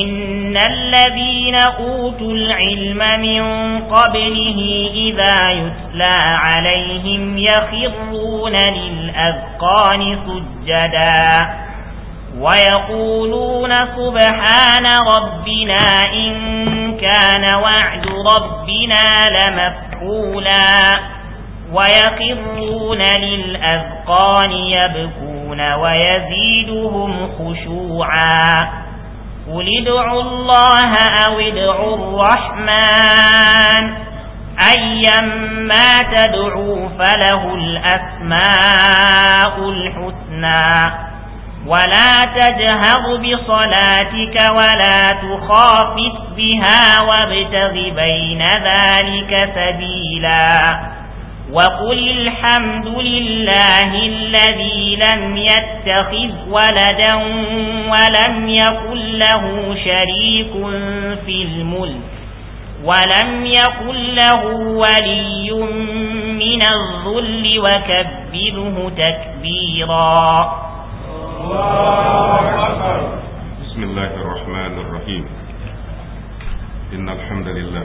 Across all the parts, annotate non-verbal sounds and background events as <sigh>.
إن الذين أوتوا العلم من قبله إذا يتلى عليهم يخرون للأذقان سجدا ويقولون سبحان ربنا إن كان وعد ربنا لمفعولا ويقرون للأذقان يبكون ويزيدهم خشوعا قل ادعوا الله أو ادعوا الرحمن أيما تدعوا فله الأسماء الحسنى ولا تجهر بصلاتك ولا تخافت بها وابتغ بين ذلك سبيلاً وقل الحمد لله الذي لم يتخذ ولدا ولم يقل له شريك في الملك ولم يقل له ولي من الظل وكبره تكبيرا بسم الله الرحمن الرحيم إن الحمد لله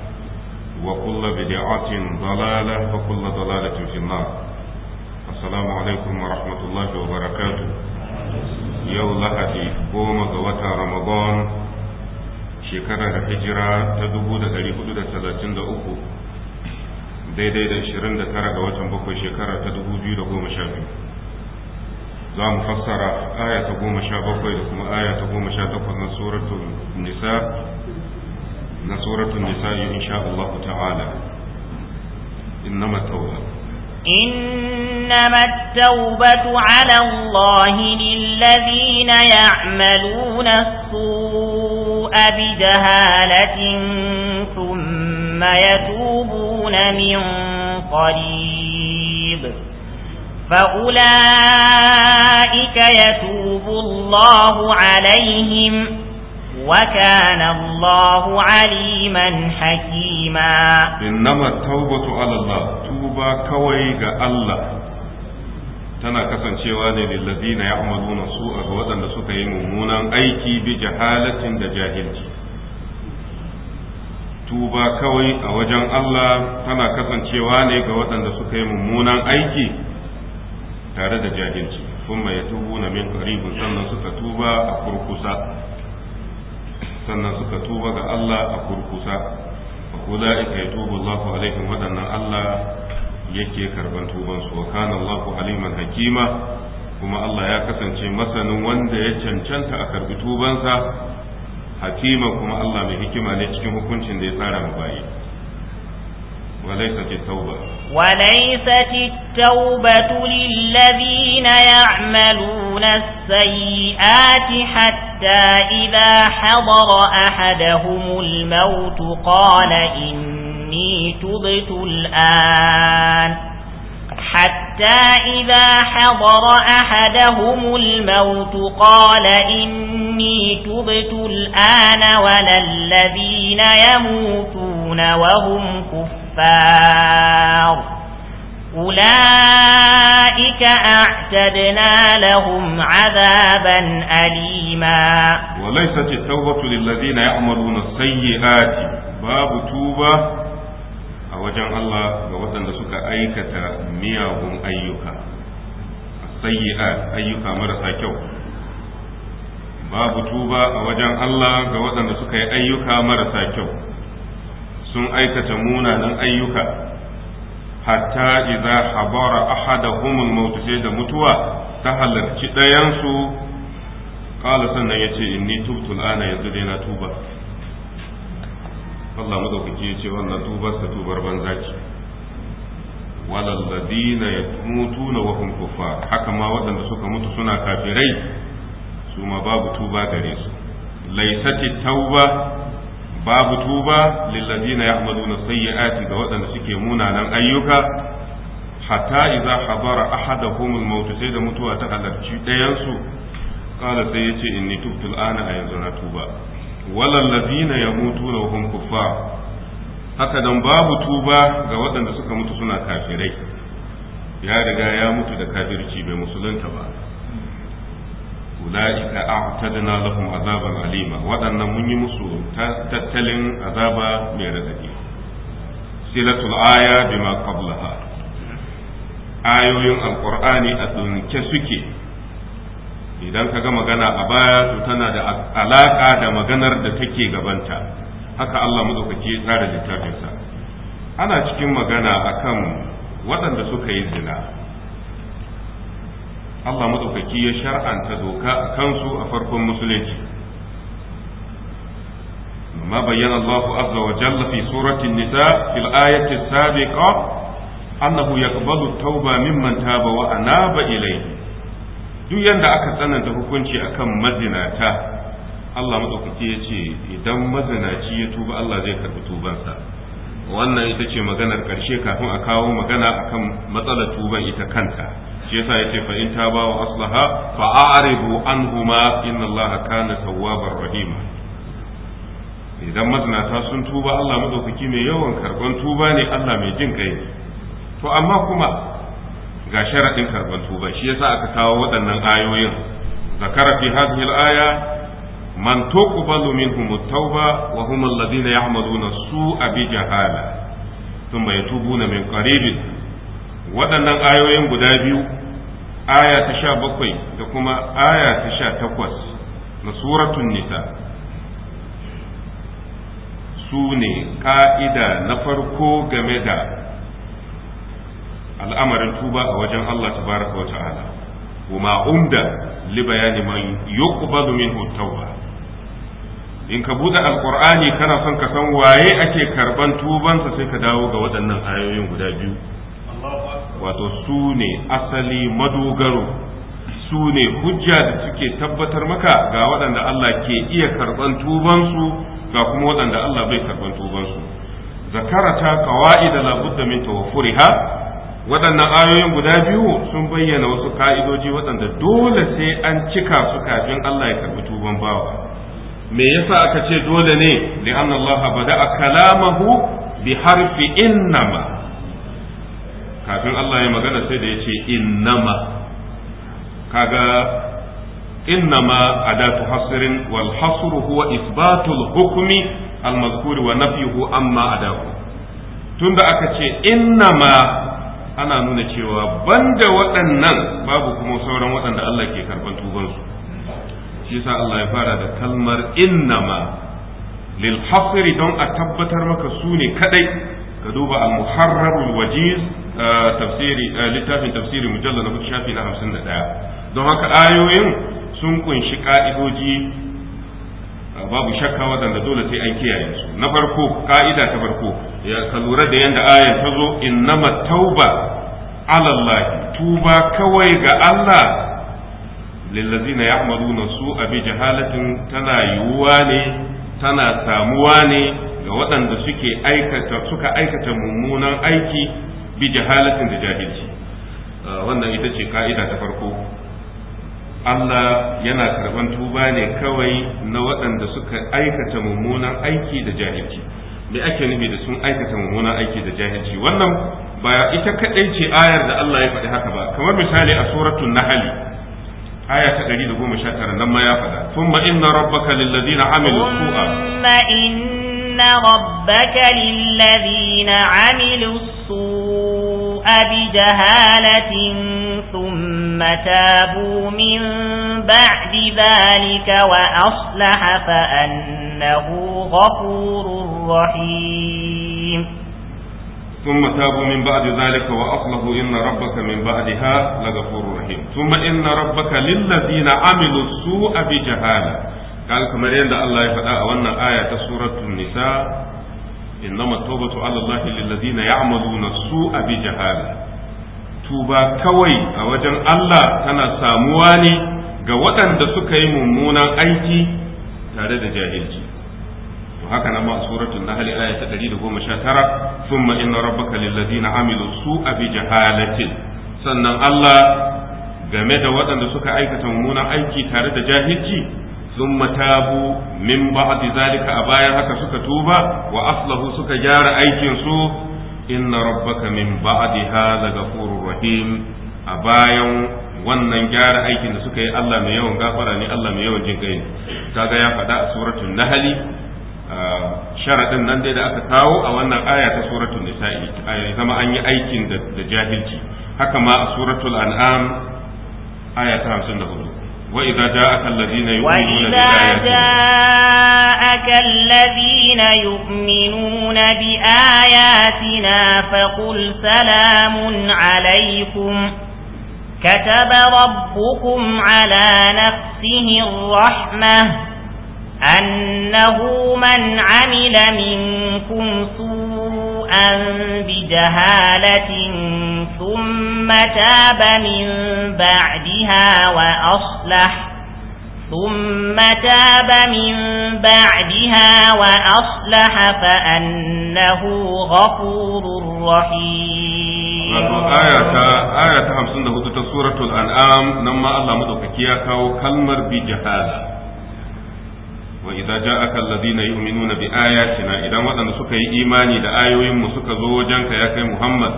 وكل بدعة ضلالة وكل ضلالة في النار السلام عليكم ورحمة الله وبركاته يوم لحدي قوم غوتا رمضان شكرا الهجرة تدبو دا تريبو دا سلاتين دا أكو daidai da 29 ga watan bakwai shekara ta 2012 za mu fassara aya ta 17 da kuma aya ta 18 na suratul nisa na suratul nisa'i insha Allah ta'ala innama tawba إنما التوبة على الله للذين يعملون السوء بجهالة ثم يتوبون من قريب فأولئك يتوب الله عليهم وكان الله عليما حكيما إنما التوبة على الله توبة كويغ الله tana kasancewa ne lillazina ya'maluna su'a ga waɗanda suka yi mummunan aiki bi da jahilci tuba kawai a wajen Allah tana kasancewa ne ga waɗanda suka yi mummunan aiki tare da jahilci kuma ya tubu na min karibin sannan suka tuba a kurkusa sannan suka tuba ga Allah a kurkusa fa ulaika yatubu Allahu alaihim wadannan Allah yake karban tuban su wa kana Allahu aliman hakima kuma Allah ya kasance masanin wanda ya cancanta a karbi tubansa hakima kuma Allah mai hikima ne cikin hukuncin da ya tsara mu bayi وليست التوبة وليست التوبة للذين يعملون السيئات حتى إذا حضر أحدهم الموت قال إني تبت الآن حتى إذا حضر أحدهم الموت قال إني تبت الآن ولا الذين يموتون وهم كفار أولئك أعتدنا لهم عذابا أليما وليست التوبة للذين يعملون السيئات باب توبة wajen Allah ga waɗanda suka aikata miyagun ayyuka sayyi'at ayyuka marasa kyau babu tuba a wajen Allah ga waɗanda suka yi ayyuka marasa kyau sun aikata munanan ayyuka hatta idza habara al maut sai da mutuwa ta halarci ɗayansu qala sannan yace inni tubtu ana yanzu dai na tuba Allah madaukaki ya ce wannan tubar sa tubar banza ce ladina yatmutuna wa hum kuffar haka ma waɗanda suka mutu suna kafirai su ma babu tuba gare su laysati tauba babu tuba ladina ya'maluna sayyi'ati ga waɗanda suke munanan ayyuka hatta idza habara ahaduhum al-maut sai da mutuwa ta halarci ɗayan su sai yace inni tubtu al-ana a yanzu na tuba walal ladina yamutuna wa hum kuffar haka dan babu tuba ga waɗanda suka mutu suna kafirai ya riga ya mutu da kafirci bai musulunta ba ula'ika a'tadna lahum azaban alima waɗannan mun yi musu tattalin azaba mai radadi silatul aya bima qablaha ayoyin alqur'ani a dunke suke idan ka ga magana a baya to tana da alaka da maganar da take gabanta haka Allah madaukaki ya tsara littafinsa ana cikin magana akan waɗanda suka yi zina Allah madaukaki ya shar'anta doka a kansu a farkon musulunci ما بين الله عز وجل في سورة النساء في الآية السابقة أنه يقبل التوبة ممن تاب وأناب إليه duk yanda aka tsananta hukunci akan mazinata Allah madaukaki ya ce idan mazinaci ya tuba Allah zai karbi tubansa wannan ita ce maganar karshe kafin a kawo magana akan matsalar tuban ita kanta shi yasa yace fa in ba wa aslaha fa a'ribu anhuma inna Allah kana tawwabar rahima idan mazinata sun tuba Allah madaukaki mai yawan karban tuba ne Allah mai jin kai to amma kuma ga sharaɗin karban tuba shi yasa aka kawo waɗannan ayoyin zakara fi hadhihi al-aya man tuqbalu minhum at-tauba wa hum alladhina ya'maluna su'a bi jahala thumma yatubuna min qarib waɗannan ayoyin guda biyu aya ta sha bakwai da kuma aya ta sha takwas na suratun nisa su ne ka'ida na farko game da al'amarin tuba a wajen Allah tabaraka wa ta'ala kuma umda li bayani man yuqbalu minhu tauba in ka buɗe alqur'ani kana son ka san waye ake karɓan tubansa sai ka dawo ga waɗannan ayoyin guda biyu wato su ne asali madogaro su ne hujja da suke tabbatar maka ga waɗanda Allah ke iya karɓan tubansu ga kuma waɗanda Allah bai karɓan tubansu zakarata qawaid da budda min tawaffuriha waɗannan ayoyin guda biyu sun bayyana wasu ka'idoji waɗanda dole sai an cika su kafin Allah ya karɓi tuban bawa me yasa aka ce dole ne li'anna Allah a kalamahu bi harfi innama kafin Allah ya magana sai da ya ce innama kaga innama adatu hasrin wal hasru huwa isbatul hukmi al mazkur wa nafyuhu amma adahu tunda aka ce innama ana nuna cewa banda waɗannan babu kuma sauran waɗanda Allah ke karɓar tubansu shi sa Allah ya fara da kalmar innama lil hasri don a tabbatar maka su ne kadai ka duba al muharrarul wajiz uh, tafsiri uh, littafin tafsiri mujallal na shafi na 51 don haka ayoyin sun kunshi ka'idoji babu shakka waɗanda dole sai an kiyaye su na farko ka'ida ta farko ya ka lura da yanda ayar ta zo innama tauba alallahi tuba kawai ga Allah lillazina na su abi jahalatin tana yiwuwa ne tana samuwa ne ga waɗanda suke aikata suka aikata mummunan aiki bi jahalatin da jahilci ah, wannan ita ce ka'ida ta farko Allah yana karban tuba ne kawai na waɗanda suka aikata mummunan aiki da jahilci me ake nufi da sun aikata mummunan aiki da jahilci wannan ba ita kadai ce ayar da Allah ya faɗi haka ba kamar misali a suratul nahl aya ta 119 nan ma ya faɗa thumma inna rabbaka lilladheena amilu su'a thumma inna rabbaka lilladheena amilu su'a بجهالة ثم تابوا من بعد ذلك وأصلح فأنه غفور رحيم ثم تابوا من بعد ذلك وأصلحوا إن ربك من بعدها لغفور رحيم ثم إن ربك للذين عملوا السوء بجهالة قال كما عند الله يفدأ وأن آية سورة النساء innama tawbatu ala Allah lil na su su'a bi jahala tuba kawai a wajen Allah tana samuwa ne ga waɗanda suka yi mummunan aiki tare da jahilci to haka nan ma suratul nahl aya ta tara thumma inna rabbaka lil ladina amilu su bi jahalatin sannan Allah game da waɗanda suka aikata mummunan aiki tare da jahilci ثم تابوا من بعد ذلك أبايا هكا سكا توبا وأصله سكا جار أيكين سو إن ربك من بعدها لغفور رحيم أبايا wannan gyara aikin da suka yi Allah mai yawan gafara ne Allah mai yawan jin kai ne kaga ya faɗa a suratul nahli sharadin nan dai da aka kawo a wannan aya ta suratul nisa'i zama an yi aikin da jahilci haka ma a suratul an'am aya ta 54 وإذا جاءك الذين يؤمنون يؤمنون بآياتنا فقل سلام عليكم كتب ربكم على نفسه الرحمة أنه من عمل منكم سوءا بجهالة ثم تاب من بعدها وأصلح ثم تاب من بعدها وأصلح فأنه غفور رحيم آية آية همسن ده سورة الأنعام نما الله مدوككيا كاو كلمر بجهالة وإذا جاءك الذين يؤمنون بآياتنا إذا ما سكي إيماني دا آيوين مسكا زوجانك يا محمد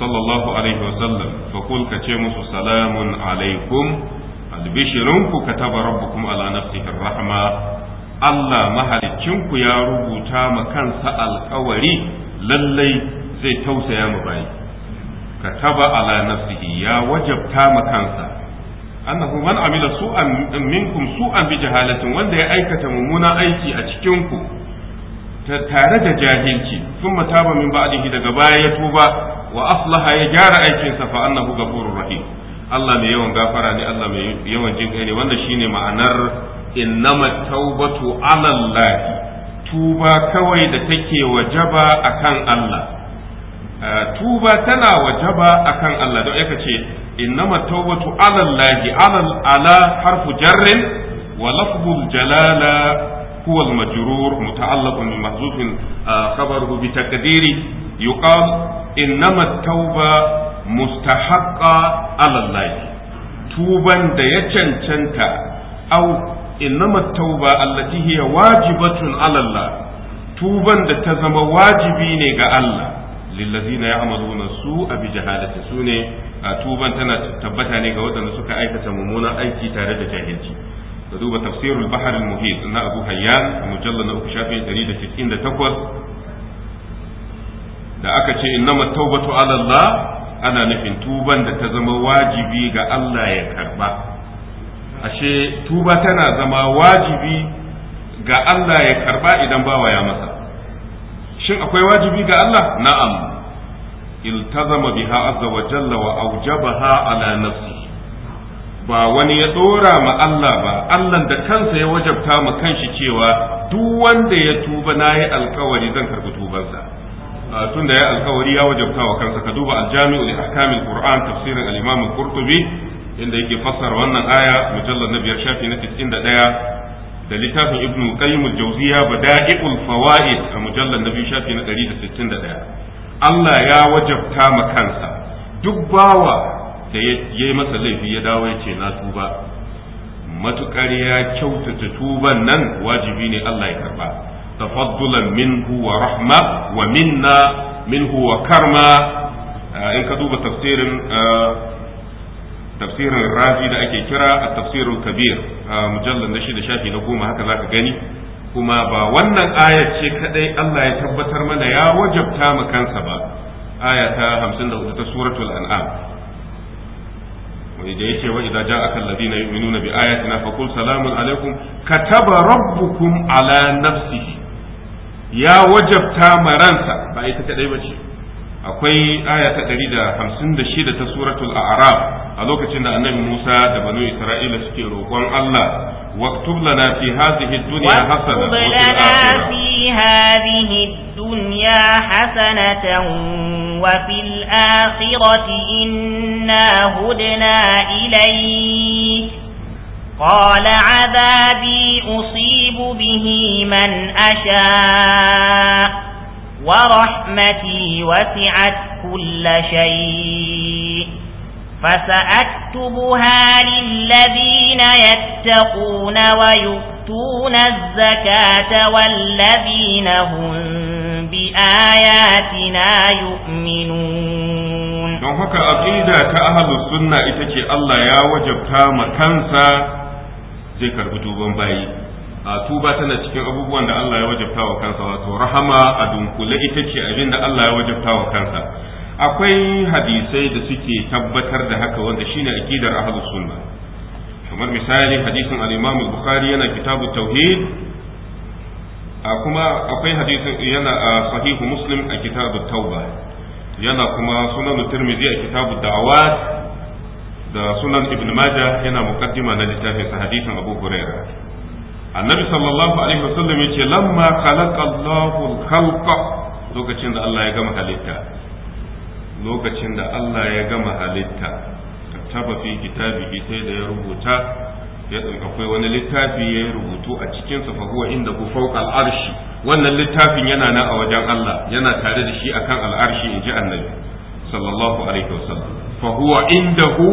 sallallahu alaihi wasallam fakul ka ce musu salamun alaikum albishirinku kataba rabbukum ala nafsihi rahma Allah mahalicinku ya rubuta ma kansa alkawari lallai zai tausaya mu bayi kataba ala nafsihi ya wajabta ma kansa annahu man amila su'an minkum su'an bi jahalatin wanda ya aikata mummunan aiki a cikin ku tare da jahilci sun mataba min ba'dihi daga baya ya tuba wa aslaha ya gyara aikinsa fa annahu ghafurur rahim Allah mai yawan gafara ne Allah mai yawan jin ne wanda shine ma'anar innama taubatu ala Allah tuba kawai da take wajaba akan Allah ah, tuba tana wajaba akan Allah don aka ce innama taubatu ala Allah ala ala harfu jarrin wa lafzul jalala هو المجرور متعلق بمحذوف خبره بتقدير يقال إنما التوبة مستحقة على الله توبا ديتشنشنت أو إنما التوبة التي هي واجبة على الله توبا دتزم واجبين الله lillazina ya'maluna su'a bi jahalati sune tuban tana tabbata ne ga waɗanda suka aikata mummunan aiki tare da jahilci da duba tafsirul bahar al-muhit na abu hayyan a mujallar na uku shafi 198 da aka ce innama tawbatu ala Allah ana nufin tuban da ta zama wajibi ga Allah ya karba ashe tuba tana zama wajibi ga Allah ya karba idan bawa ya masa shin akwai wajibi ga Allah na'am iltazama biha azza wa jalla wa aujabaha ala nafsi ba wani ya ɗora ma Allah ba Allah da kansa ya wajabta ma kanshi cewa duk wanda ya tuba na yi alkawari zan karɓi tubansa tun da ya alkawari ya wajabta wa kansa ka duba aljami'u li ahkamil qur'an tafsirin al-imam al-qurtubi inda yake fassara wannan aya mujallad na biyar shafi na 91 da littafin ibnu qayyim al-jawziya bada'iqul fawaid a mujallad na biyu shafi na 161 Allah ya wajabta ma kansa duk bawa da ya yi masa laifi ya dawo ya ce na tuba matukar ya kyautata tuban nan wajibi ne Allah ya karba tafaddulan minhu wa rahma wa minna minhu wa karma ah, in ka duba tafsirin ah, tafsirin razi da ake kira a tafsirin kabir ah, mujallar na da shafi na goma haka zaka gani kuma ba wannan aya ce kadai Allah ya tabbatar mana ya wajabta mu kansa ba aya ta 54 ta suratul an'am da yake wa idza ja'aka alladhina yu'minuna bi ayatina faqul salamun alaikum kataba rabbukum ala nafsihi ya wajabta maransa ba ita kadai ce. akwai aya ta shida ta suratul a'raf a lokacin da annabi Musa da banu Isra'ila suke roƙon Allah واكتب lana في هذه الدنيا حسنة واكتب لنا في هذه وفي الآخرة إنا هدنا إليك قال عذابي أصيب به من أشاء ورحمتي وسعت كل شيء فسأكتبها للذين يتقون ويؤتون الزكاة والذين هم بآياتنا يؤمنون don haka aqida ta ahlus sunna ita ce Allah ya wajabta ma kansa zai karbi duban bayi a tuba tana cikin abubuwan da Allah ya wajabta wa kansa wato rahama a dunkule ita ce abin da Allah ya wajabta wa kansa akwai hadisai da suke tabbatar da haka wanda shine aqidar ahlus sunna kamar misali hadisin al-Imam al-Bukhari yana kitabu tauhid kuma akwai hadisin yana a sahihu muslim a kitabu tauba yana kuma sunan tirmidhi a kitabu da'awat da sunan ibn majah yana muqaddima na littafin sa hadisin abu hurairah annabi sallallahu alaihi wasallam yace lamma khalaqa Allahu al-khalqa lokacin da Allah ya gama halitta lokacin da Allah ya gama halitta kattaba fi kitabihi sai da ya rubuta ya akwai wani littafi ya rubutu a cikin sa fa huwa inda ku fawqa al'arshi. wannan littafin yana nan a wajen Allah yana tare da shi akan al'arshi in ji annabi sallallahu alaihi wasallam fa huwa ku,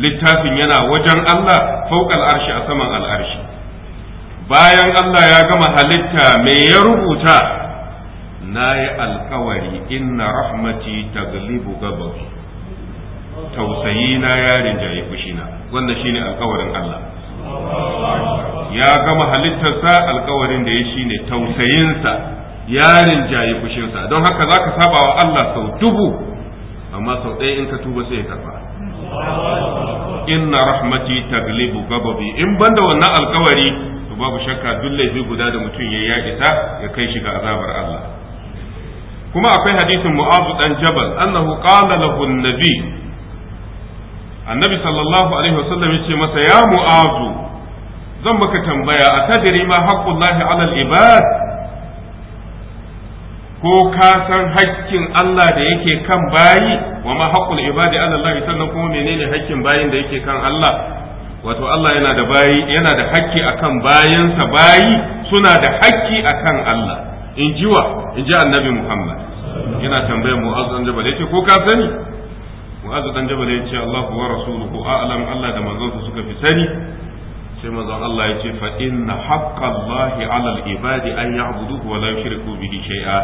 littafin yana wajen Allah fawqa al'arshi arshi a saman al'arshi. bayan Allah ya gama halitta me ya rubuta na yi alkawari inna rahmati taglibu gababi tausayi na ya rinjaye fushina wannan shine alkawarin Allah ya gama halittarsa alkawarin da ya shine tausayinsa ya rinjaye fushinsa don haka za ka saba wa Allah sau dubu amma sau ɗaya in ka tuba sai ya karba inna rahmati taglibu gababi in banda wannan alkawari to babu shakka duk laifi guda da mutum ya ya isa ya kai shi ga azabar Allah kuma akwai hadisin mu'azu dan jabal annahu qala lahu nabi annabi sallallahu alaihi wasallam yace masa ya mu'azu zan maka tambaya a tadiri ma haqqullahi alal ibad ko ka san haƙƙin Allah da yake kan bayi wa ma haqqul ibadi ala Allah sannan kuma menene haƙƙin bayin da yake kan Allah wato Allah yana da bayi yana da haƙƙi akan bayansa bayi suna da haƙƙi akan Allah in ji wa in ji annabi Muhammad yana tambayar Mu'azzu dan Jabal yace ko ka sani Mu'azzu dan Jabal yace allah wa rasuluhu a'lam Allah da manzon suka fi sani sai manzon Allah yace fa inna Lahi 'alal ibadi an ya'buduhu wa la yushriku bihi shay'a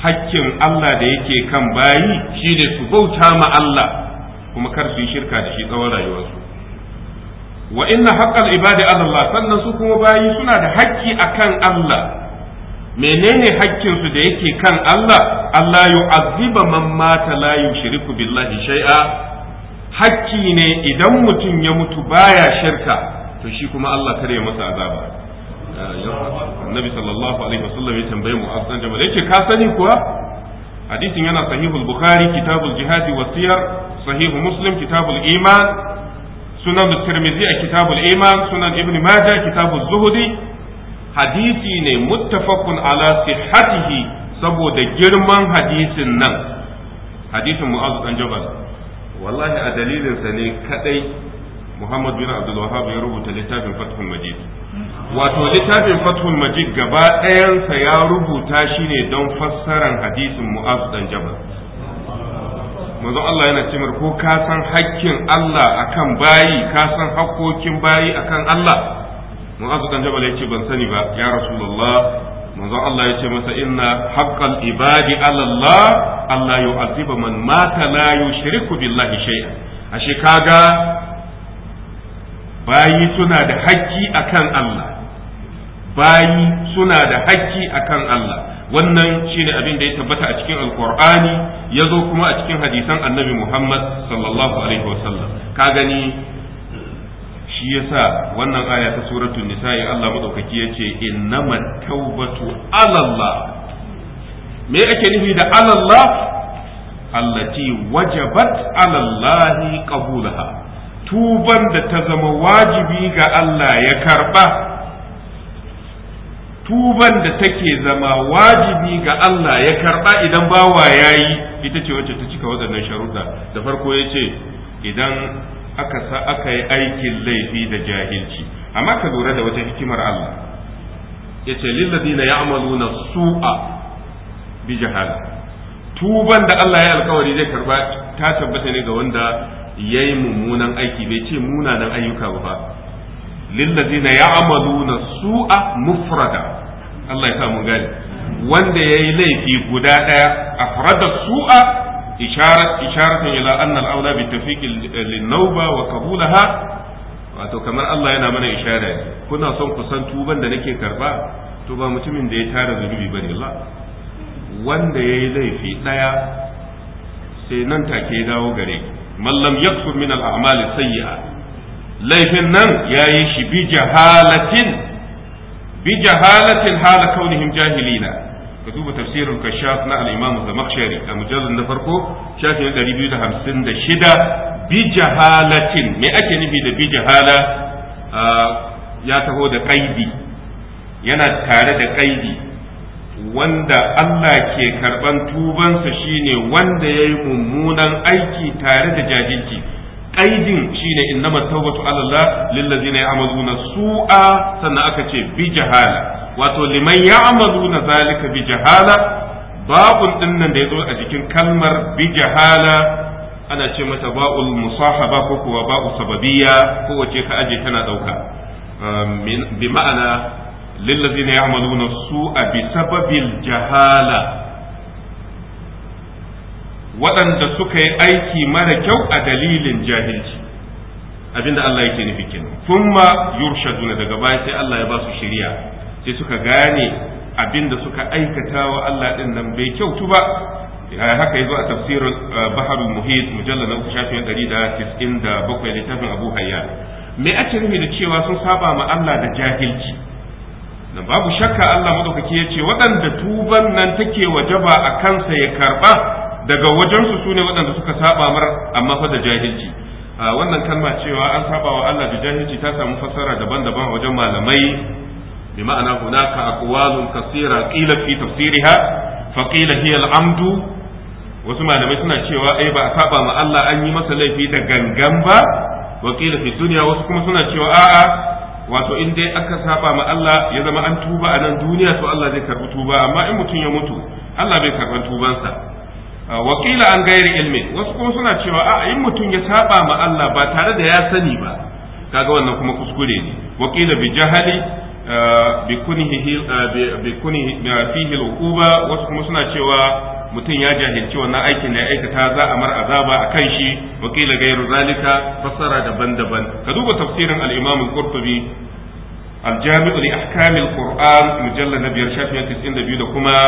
hakkin Allah da yake kan bayi shine su bauta ma Allah kuma kar su yi shirka da shi tsawon rayuwarsu wa inna haqqal ibadi 'ala Allah sannan su kuma bayi suna da hakki akan Allah menene hakkinsu da yake kan Allah Allah yu'azziba man mata la yushriku billahi shay'a hakki ne idan mutum ya mutu baya shirka to shi kuma Allah kare masa azaba Annabi sallallahu alaihi wasallam ya tambaye mu asan jama'a yake ka sani kuwa hadisin yana sahihul bukhari kitabul jihadi wa siyar sahihu muslim kitabul iman sunan tirmidhi a kitabul iman sunan ibn majah kitabul zuhdi hadisi ne muttafaqun ala sihhatihi saboda girman hadisin nan hadisin mu'azu dan jabal wallahi a dalilin sa ne kadai Muhammad bin Abdul Wahhab ya rubuta littafin Fathul Majid wato littafin Fathul Majid gaba ɗayansa ya rubuta shi ne don fassaran hadisin Mu'az dan Jabal manzo Allah yana cewa ko ka san hakkin Allah akan bayi ka san hakkokin bayi akan Allah mu'azu dan jabal ce ban sani ba ya rasulullah manzon Allah ya ce masa inna haqqal ibadi ala Allah Allah yu'azziba man mata la yushriku billahi shay'an ashe kaga bayi suna da hakki akan Allah bayi suna da hakki akan Allah wannan shine abin da ya tabbata a cikin alkur'ani ya zo kuma a cikin hadisan annabi muhammad sallallahu alaihi wasallam ka gani shi yasa wannan aya ta suratul nisa'i Allah madaukaki yace innamat tawbatu ala Allah me ake nufi da ala Allah allati wajabat ala Allah qabulaha tuban da ta zama wajibi ga Allah ya karba tuban da take zama wajibi ga Allah ya karba idan bawa yayi ita ce wacce ta cika waɗannan sharuda da farko yace idan aka sa aka yi aikin laifi da jahilci amma ka lura da wata hikimar Allah yace lilladina ya'maluna su'a bi jahala tuban da Allah ya alkawari zai karba ta tabbata ne ga wanda yayi mummunan aiki bai ce munanan ayyuka ba lilladina ya'maluna su'a mufrada Allah ya sa mu wanda yayi laifi guda daya afrada su'a isharat isharatun ila anna al-aula bi tawfiq lin-nawba wato kamar Allah yana mana ishara kuna son ku san tuban da nake karba to ba mutumin da ya tara zunubi bane Allah wanda yayi laifi daya sai nan take dawo gare mallam lam yakfur min al-a'mal sayyi'a laifin nan yayi shi bi jahalatin bi jahalatin hala kaunihim jahilina ka duba tafsirin kashaf na al-imam zamakhshari a mujallar na farko shafi 256 bi jahalatin me ake nufi da bijahala ya taho da kaidi yana tare da kaidi wanda Allah ke karban tubansa shine wanda yayi mummunan aiki tare da jajirki. kaidin shine innama tawbatu ala Allah ya ladina ya'maluna su'a sannan aka ce bijahala wato liman ya'malu na zalika bi jahala babun dinnan da ya zo a jikin kalmar bi jahala ana ce mata ba'ul musahaba ko kuwa ba'u sababiyya ko wace ka aje tana dauka bi ma'ana lillazina ya'maluna a bi sababil jahala waɗanda suka yi aiki mara kyau a dalilin jahilci abinda Allah yake nufi kenan thumma yurshaduna daga baya sai Allah ya ba su shiriya. sai suka gane abin da suka aikata wa Allah din nan bai kyautu ba haka yazo a tafsirin eh, baharul muhit mujallal na shafin da littafin Abu Hayya me ake nufi da cewa sun saba ma Allah da jahilci dan babu shakka Allah madaukaki ya ce waɗanda tuban nan take wajaba a kansa ya karba daga wajensu su ne waɗanda suka saba mar amma fa da jahilci ah, wannan kalma cewa an saba wa Allah da jahilci ta samu fassara daban-daban wajen malamai بمعنى ma'ana أقوال كثيرة قيل في تفسيرها tafsiriha هي العمد hiya al-amdu wasu malamai suna cewa الله ba a في ma Allah an yi masa laifi da gangan ba suna wato in dai aka saba ma Allah ya zama an tuba a nan duniya to Allah zai karbi tuba amma in mutum ya mutu Allah bai karban tubansa wakila an gairi ilmi wasu kuma suna cewa a in mutum ya saba ma Allah ba tare da ya sani ba kaga wannan kuma kuskure ne wakila bi jahali bikunihi fihi wasu kuma suna cewa mutum ya jahilci wannan aikin da ya aikata za a mar azaba a kan shi wa kila gairu zalika fassara daban-daban ka duba tafsirin al-Imam al-Qurtubi al jami li ahkam al-Qur'an mujallad na biyar shafi 92 da kuma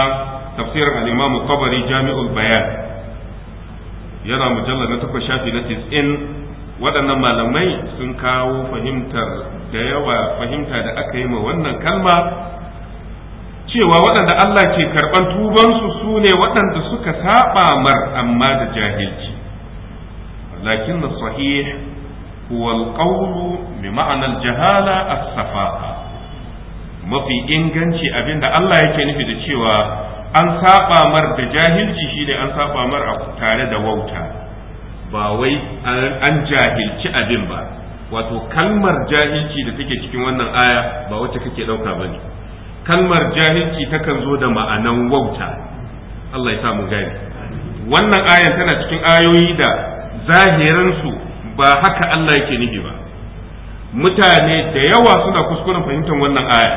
tafsirin al-Imam al-Tabari Jami'ul Bayan yana mujallad na 8 shafi na tisin. waɗannan malamai sun kawo fahimtar da yawa fahimta da aka yi ma wannan kalma cewa waɗanda Allah ke karɓan tubansu su ne waɗanda suka saɓa mar amma da jahilci lakin na sahih huwa alqawlu bi ma'anar jahala as-safaha mafi inganci abinda Allah yake nufi da cewa an saba mar da jahilci shine an saba mar a tare da wauta ba wai an jahilci abin ba wato kalmar jahilci da take cikin wannan aya ba wacce kake ɗauka ba ne kalmar jahilci takan zo da ma'anan wauta Allah ya samu gani wannan ayan tana cikin ayoyi da zahiransu ba haka Allah yake nufi ba mutane da yawa suna kuskuren fahimtar wannan aya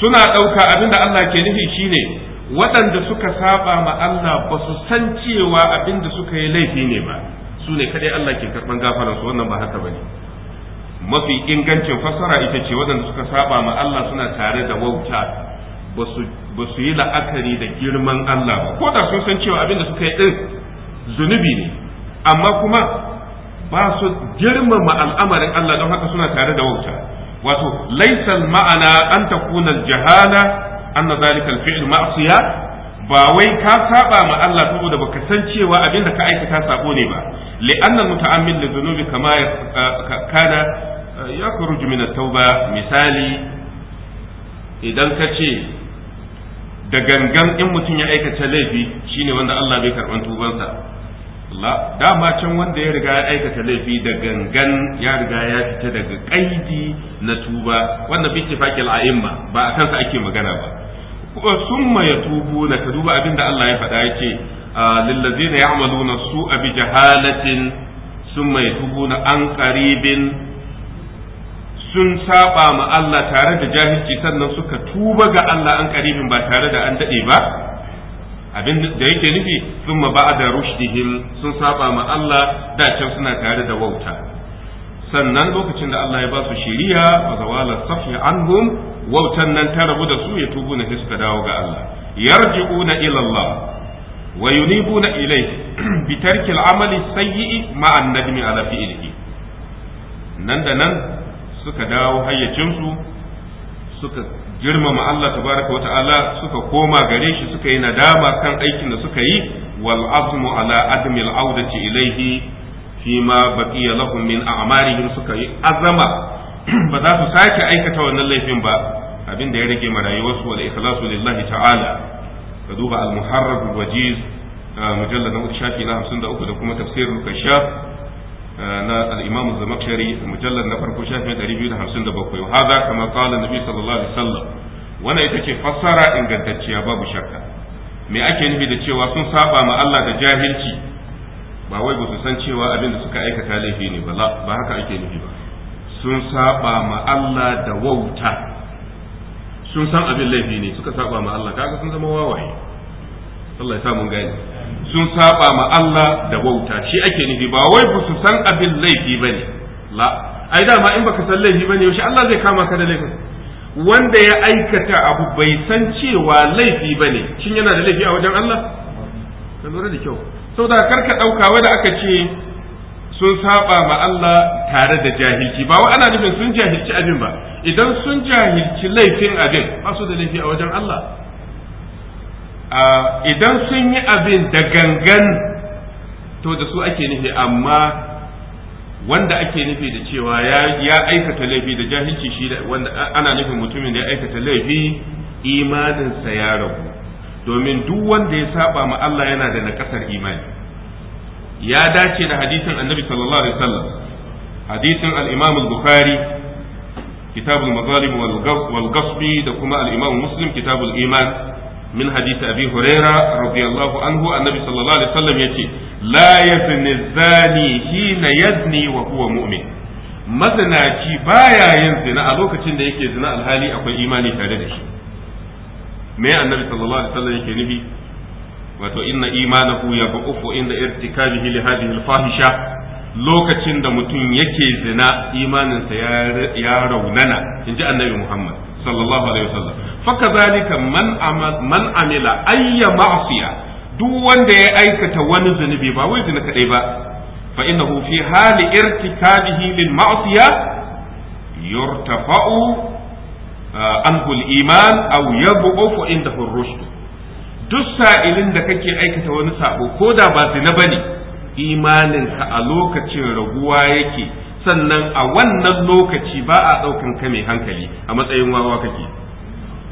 suna ɗauka abin da Allah ke nufi shine waɗanda suka saba ma Allah ba su san cewa abin da suka yi laifi ne ba su ne kadai Allah ke karban gafaran su wannan ba haka bane mafi ingancin fassara ita ce waɗanda suka saba ma Allah suna tare da wauta ba su yi la'akari da girman Allah ba ko da sun san cewa abin da suka yi din zunubi ne amma kuma ba su girmama al'amarin Allah don haka suna tare da wauta wato laisal ma'ana an takuna jahala an na zalika alfi'l ma'siya ba wai ka saba ma Allah saboda baka san cewa abin da ka aikata sabo ne ba لأن muta'ammil للذنوب كما kama يخرج من التوبة مثالي tauba misali idan ka ce da gangan in mutum ya aikata laifi shine wanda Allah bai karban tubansa da dama can wanda ya riga ya aikata laifi da gangan ya riga ya fita daga kaidi na tuba wannan bi fakil a'imma ba a kansa ake magana ba Kuma summa na ka duba abinda Allah ya faɗa ya ce. للذين يعملون السوء بجهالة jahalatin يتوبون عن an sun saba ma Allah tare da jahilci sannan suka tuba ga Allah an karibin ba tare da an dade ba abin da yake nufi summa ba'da rushdihim sun saba ma Allah da can suna tare da wauta sannan lokacin da Allah ya ba su shiriya wa zawala safi anhum wautan nan ta rabu da su ya tubu na hiska dawo ga Allah yarji'una ila Allah wa yunibuna ilayhi <clears throat> bi tarki al-amali sayyi ma'a nadmi ala fi'lihi nan da nan suka dawo hayyacinsu suka girmama Allah tabaraka wa ta'ala suka koma gare shi suka yi nadama kan aikin da suka yi wal azmu ala admi al-audati ilayhi fima baqiya lahum min a'marihim suka yi azama <clears throat> ba za su sake aikata wannan laifin ba abin da ya rage ma rayuwarsu wal ikhlasu lillahi ta'ala ka duba al-muharrar wajiz mujallar na shafi na hamsin da uku da kuma tafsirin kashaf na al-imam zamakshari mujallar na farko shafi na ɗari biyu da hamsin da bakwai wa haza kama kala nabi sallallahu alaihi wasallam wannan ita ce fassara ingantacciya babu shakka me ake nufi da cewa sun saba ma Allah da jahilci ba wai ba su san cewa abin da suka aikata laifi ne ba ba haka ake nufi ba sun saba ma Allah da wauta sun san abin laifi ne suka saba ma Allah kaga sun zama wawaye Allah ya sa mun gani. sun saba ma Allah da wauta shi ake nufi ba wai ba su san abin laifi bane la ai dama in baka san laifi bane yaushe Allah zai kama ka da laifin wanda ya aikata abu bai san cewa laifi bane shin yana da laifi a wajen Allah ka lura da kyau saboda karka dauka wanda aka ce sun saba ma Allah tare da jahilci ba wa ana nufin sun jahilci abin ba idan sun jahilci laifin abin ba su da laifi a wajen Allah idan sun yi abin da gangan to da su ake nufi amma wanda ake nufi da cewa ya aikata laifi da jahilci shi wanda ana nufin mutumin da ya aikata laifi imaninsa ya ragu domin duk wanda ya saba ma Allah yana da nakasar imani ya dace da hadisin annabi sallallahu alaihi wasallam hadisin al-imam bukhari kitab mazalim wal da kuma al-imam muslim kitab al-iman min hadith abi huraira radiyallahu anhu annabi sallallahu alaihi wasallam yace la yazni zani wa mu'min mazinaci baya yin zina a lokacin da yake zina alhali akwai imani tare da shi me annabi sallallahu alaihi wasallam yake nufi wato inna imanahu ya ba'ufu inda irtikabihi li hadhihi al-fahisha lokacin da mutum yake zina imaninsa ya raunana in ji annabi Muhammad sallallahu alaihi wasallam faka zalika man man amila ayya ma'siya duk wanda ya aikata wani zunubi ba wai zina kadai ba fa innahu fi hali irtikabihi lil ma'siya yurtafa'u ah, anhu al-iman aw yab'u indahu ar-rushd duk sa'ilin da kake aikata wani sabo ko da ba zina bane imaninka a lokacin raguwa yake sannan a wannan lokaci ba a ɗaukan ka mai hankali a matsayin wawa kake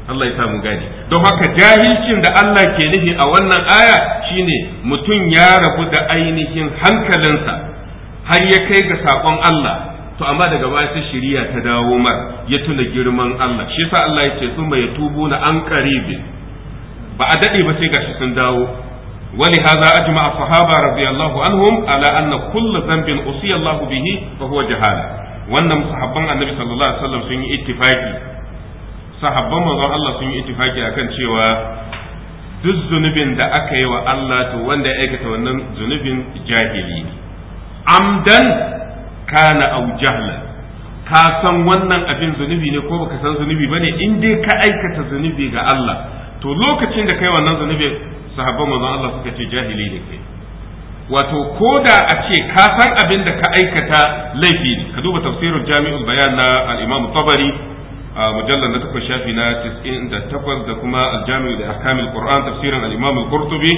Allah ya samu gani don haka jahilcin da Allah ke nufi a wannan aya shine mutum ya rabu da ainihin hankalinsa har ya kai ga saƙon Allah to amma daga baya sai shiriya ta dawo mar ya tuna girman Allah shi yasa Allah ya ce summa na an qaribin ba a daɗe ba sai gashi sun dawo wali hadha ajma sahaba radiyallahu anhum ala anna kullu dhanbin usiya Allah bihi fa huwa jahala wannan sahabban annabi sallallahu alaihi wasallam sun yi ittifaki sahabban manzon Allah sun yi ittifaki akan cewa duk zunubin da aka yi wa Allah to wanda ya aikata wannan zunubin jahili ne amdan kana au jahla ka san wannan abin zunubi ne ko baka san zunubi bane in dai ka aikata zunubi ga Allah to lokacin da kai wannan zunubi sahabban manzon Allah suka ce jahili ne kai wato ko da a ce ka san abin da ka aikata laifi ne ka duba tafsirul jami'ul bayan na al-imam tabari mujallal na takwas shafi na 98 da kuma al-jami'u da ahkamil qur'an tafsirin al-imam al-qurtubi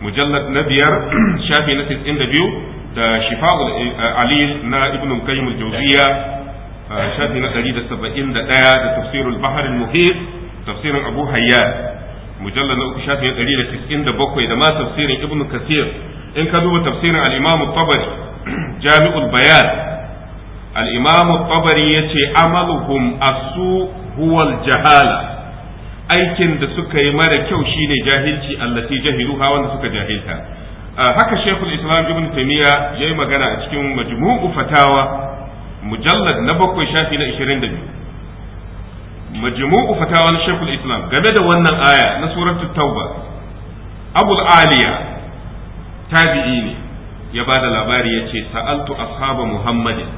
Mujallar na biyar <clears throat> shafi na 92 da shifa'ul eh, alil na ibn al-qayyim al-jawziya shafi na 171 da tafsirul bahr al-muhit tafsirin abu Hayyar, mujallar na uku shafin ɗari da cikin da bakwai da ma tafsirin ibnu kasir in ka duba tafsirin al-imamu tabari <clears throat> jami'ul bayan al tabari ya ce amaluhum asu huwal jahala aikin da suka yi mara kyau shine jahilci allati hawan wanda suka jahilta haka shekul islam ibn ya yi magana a cikin majmu'u fatawa mujallad na bakwai shafi na biyu. majmu'u fatawan shaykhul islam game da wannan aya na suratu tauba abul aliya tabi'i ne ya ba da labari ya ce sa'altu ashaba muhammadin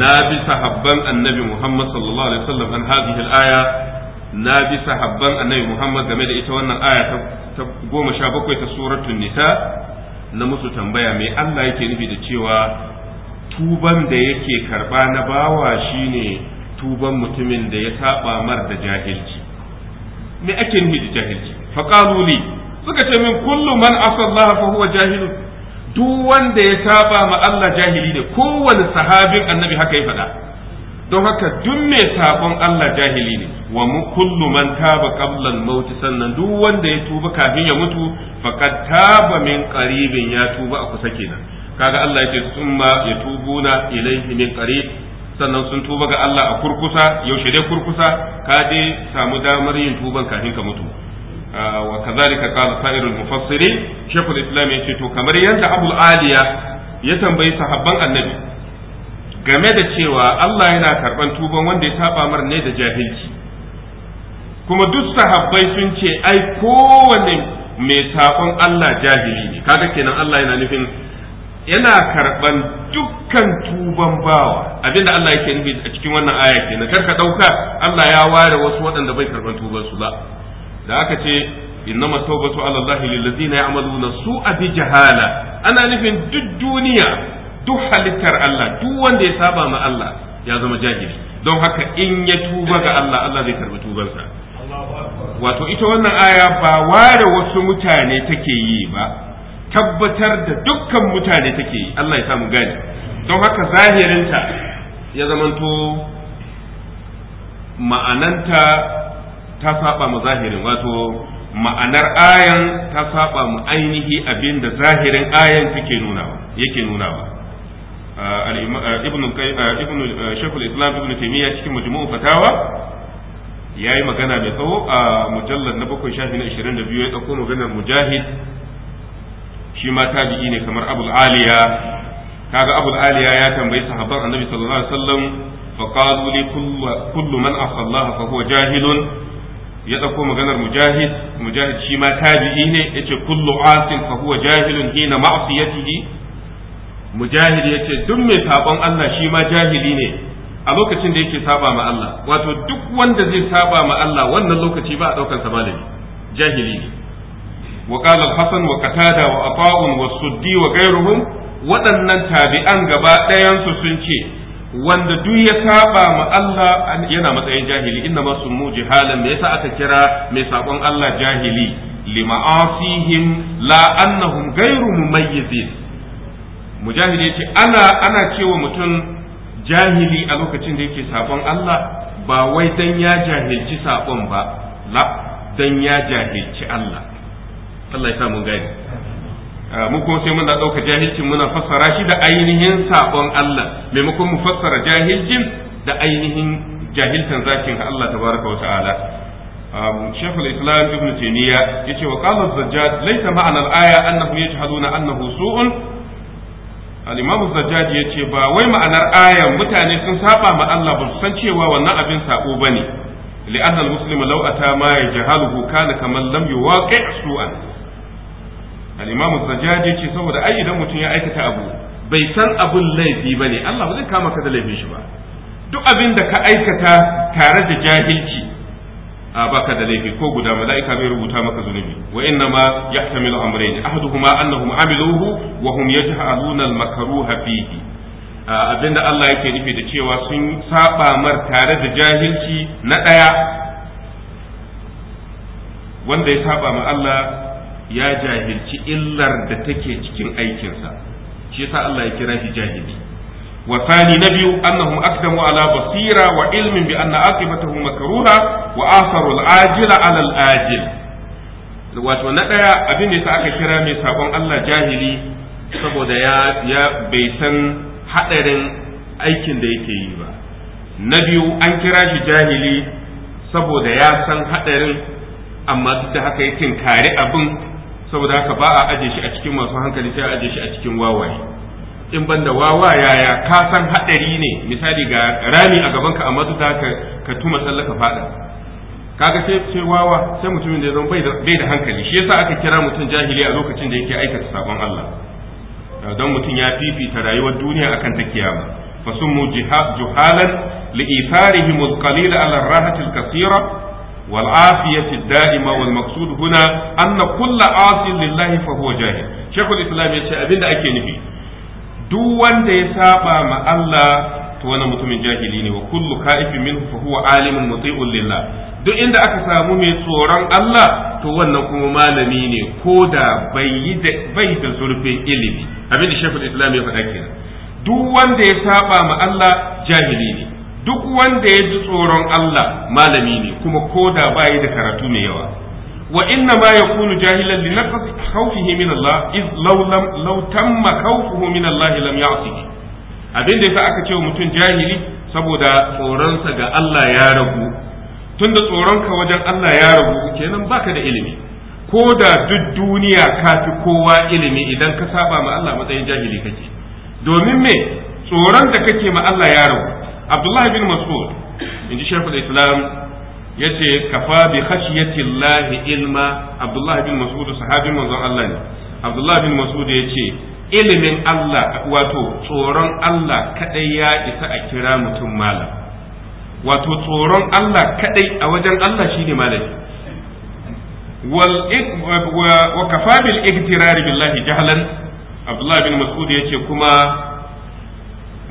na bi sahabban annabi muhammad sallallahu alaihi wasallam an hadhihi al-aya na bi sahabban annabi muhammad game da ita wannan aya ta goma sha bakwai ta suratul nisa na musu tambaya me Allah yake nufi da cewa tuban da yake karba na bawa shine tuban mutumin da ya saba mar da jahilci me ake nufi da jahilci fa li suka ce min kullu man asallaha fa huwa jahil duk wanda ya saba ma Allah jahili ne kowane sahabin annabi haka ya faɗa don haka duk mai sabon Allah jahili ne wa mu kullu man taba qablan al sannan duk wanda ya tuba kafin ya mutu faqad taba min qaribin ya tuba a kusa kenan kaga Allah yake summa yatubuna ilaihi min qarib sannan sun tuba ga Allah a kurkusa yaushe dai kurkusa ka je samu damar yin tuban kafin ka mutu ah, wa kazalika qala sa'irul mufassirin shaykhul islam yace to kamar yanda abul aliya ya tambayi sahabban annabi game da cewa Allah yana karban tuban wanda ya saba mar ne da jahilci kuma duk sahabbai sun ce ai kowanne mai sakon Allah jahili ne kaga kenan Allah yana nufin yana karban dukkan tuban bawa abinda Allah yake nufi a cikin wannan aya ke kar ka dauka Allah ya ware wasu waɗanda bai karban tuban su ba da aka ce innama tawbatu ala Allah lil ladina ya'maluna su'a bi jahala ana nufin duk duniya duk halittar Allah duk wanda ya saba ma Allah ya zama jahili don haka in ya tuba ga Allah Allah zai karbi tubansa wato ita wannan aya ba ware wasu mutane take yi ba tabbatar da dukkan mutane take yi Allah ya samu gani don haka zahirinta ya zamanto ma'ananta ta saba ma zahirin wato ma'anar ayan ta saba mu ainihi abin da zahirin ayan take nunawa yake nunawa ibn shekul islam ibn taimiyya cikin majmu'u fatawa ya yi magana mai tsawo a mujallar na bakwai shafi na 22 ya ɗauko maganar mujahid shi ma tabi'i ne kamar abul aliya kaga abul aliya ya tambayi sahabban annabi sallallahu alaihi wasallam fa qalu li kullu man asallaha fa huwa jahilun ya dauko maganar mujahid mujahid shi ma tabi'i ne yace kullu asin fa huwa jahilun hina ma'siyatihi mujahid yace duk mai sabon Allah shi ma jahili ne a lokacin da yake saba ma Allah wato duk wanda zai saba ma Allah wannan lokaci ba a daukar sa malami jahili ne وقال الحسن وقتادة وأطاء والسدي وغيرهم waɗannan tabi'an gaba ɗayansu sun ce wanda duk ya saba ma Allah yana matsayin jahili inna ma muji halin me yasa aka kira mai sabon Allah jahili lima'asihim la annahum ghairu mumayyizin mujahid yace ana ana cewa mutum jahili a lokacin da yake sabon Allah ba wai dan ya jahilci sabon ba la dan ya jahilci Allah Allah ya sa mun ah, mu kuma sai muna ɗauka jahilcin muna fassara shi da ainihin sabon Allah maimakon mu fassara jahilcin da ainihin jahiltan zakin Allah tabaraka wa ta'ala شيخ الاسلام ابن تيميه يتي وقال ma'anar aya, annahu الايه انهم يجحدون انه سوء الامام ya ce ba wai ma'anar aya mutane sun saba ma Allah ba san cewa wannan abin sako bane لأن المسلم لو أتى ما يجهله كان كمن لم يواقع سوءا al-imam sajjad ce saboda ai idan mutum ya aikata abu bai san abun laifi bane Allah ba zai kama ka da laifin shi ba duk abin da ka aikata tare da jahilci a baka da laifi ko guda mala'ika bai rubuta maka zunubi wa inna ma yahtamilu amrayn ahaduhuma annahum amiluhu wa hum yaj'aluna al-makruha fihi abinda Allah yake nufi da cewa sun saba mar tare da jahilci na daya wanda ya saba ma Allah ya jahilci illar da take cikin aikinsa shi yasa Allah ya kira shi jahili wa thani na biyu annahum aqdamu ala basira wa ilmin bi anna aqibatuhum makruha wa atharu al-ajila ala al-ajil wato na daya abin da aka kira mai sabon Allah jahili saboda ya ya bai san hadarin aikin da yake yi ba na biyu an kira shi jahili saboda ya san hadarin amma duk da haka ya kare abin saboda haka ba a aje shi a cikin masu hankali sai a aje shi a cikin wawaye in banda wawa yaya ka san haɗari ne misali ga rami a gaban ka amma zuta ka tuma tuma tsallaka fada kaga sai sai wawa sai mutumin da ya zama bai da bai da hankali shi yasa aka kira mutum jahili a lokacin da yake aikata sabon Allah ah, don mutum ya fifita rayuwar duniya akan ta kiyama fasummu juhalan li itharihim al ala ar-rahati والعافية الدائمة والمقصود هنا أن كل عاص لله فهو جاهل شيخ الإسلام يقول أبين أكي نفي duk wanda ya saɓa ma Allah to wani mutumin jahili ne wa kullu ka'ifin minhu fa huwa alimun muti'un lillah duk inda aka samu mai tsoron Allah to wannan kuma malami ne ko da bai da da zurfin ilimi abin da shafin islam ya faɗa kenan duk wanda ya saɓa ma Allah jahili ne duk wanda ya ji tsoron Allah malami ne kuma koda bayi da karatu mai yawa wa inna ma yakunu jahilan li nafs khawfihi min Allah iz law lam law tamma khawfuhu min Allah lam abin da yasa aka ce mutum jahili saboda tsoron sa ga Allah ya ragu tunda tsoron ka wajen Allah ya ragu kenan baka da ilimi ko da duk duniya ka fi kowa ilimi idan ka saba ma Allah matsayin jahili kake domin me tsoron da kake ma Allah ya ragu abdullahi bin mas'ud in ji shekul islam ya ce kafa bi khashiyati llahi ilma abdullahi bin mas'ud sahabin manzon Allah ne abdullahi bin mas'ud ya ce ilimin Allah wato tsoron Allah kadai ya isa a kira mutum malam wato tsoron Allah kadai a wajen Allah shine malami wa kafa bil iktirari billahi jahlan abdullahi bin mas'ud ya ce kuma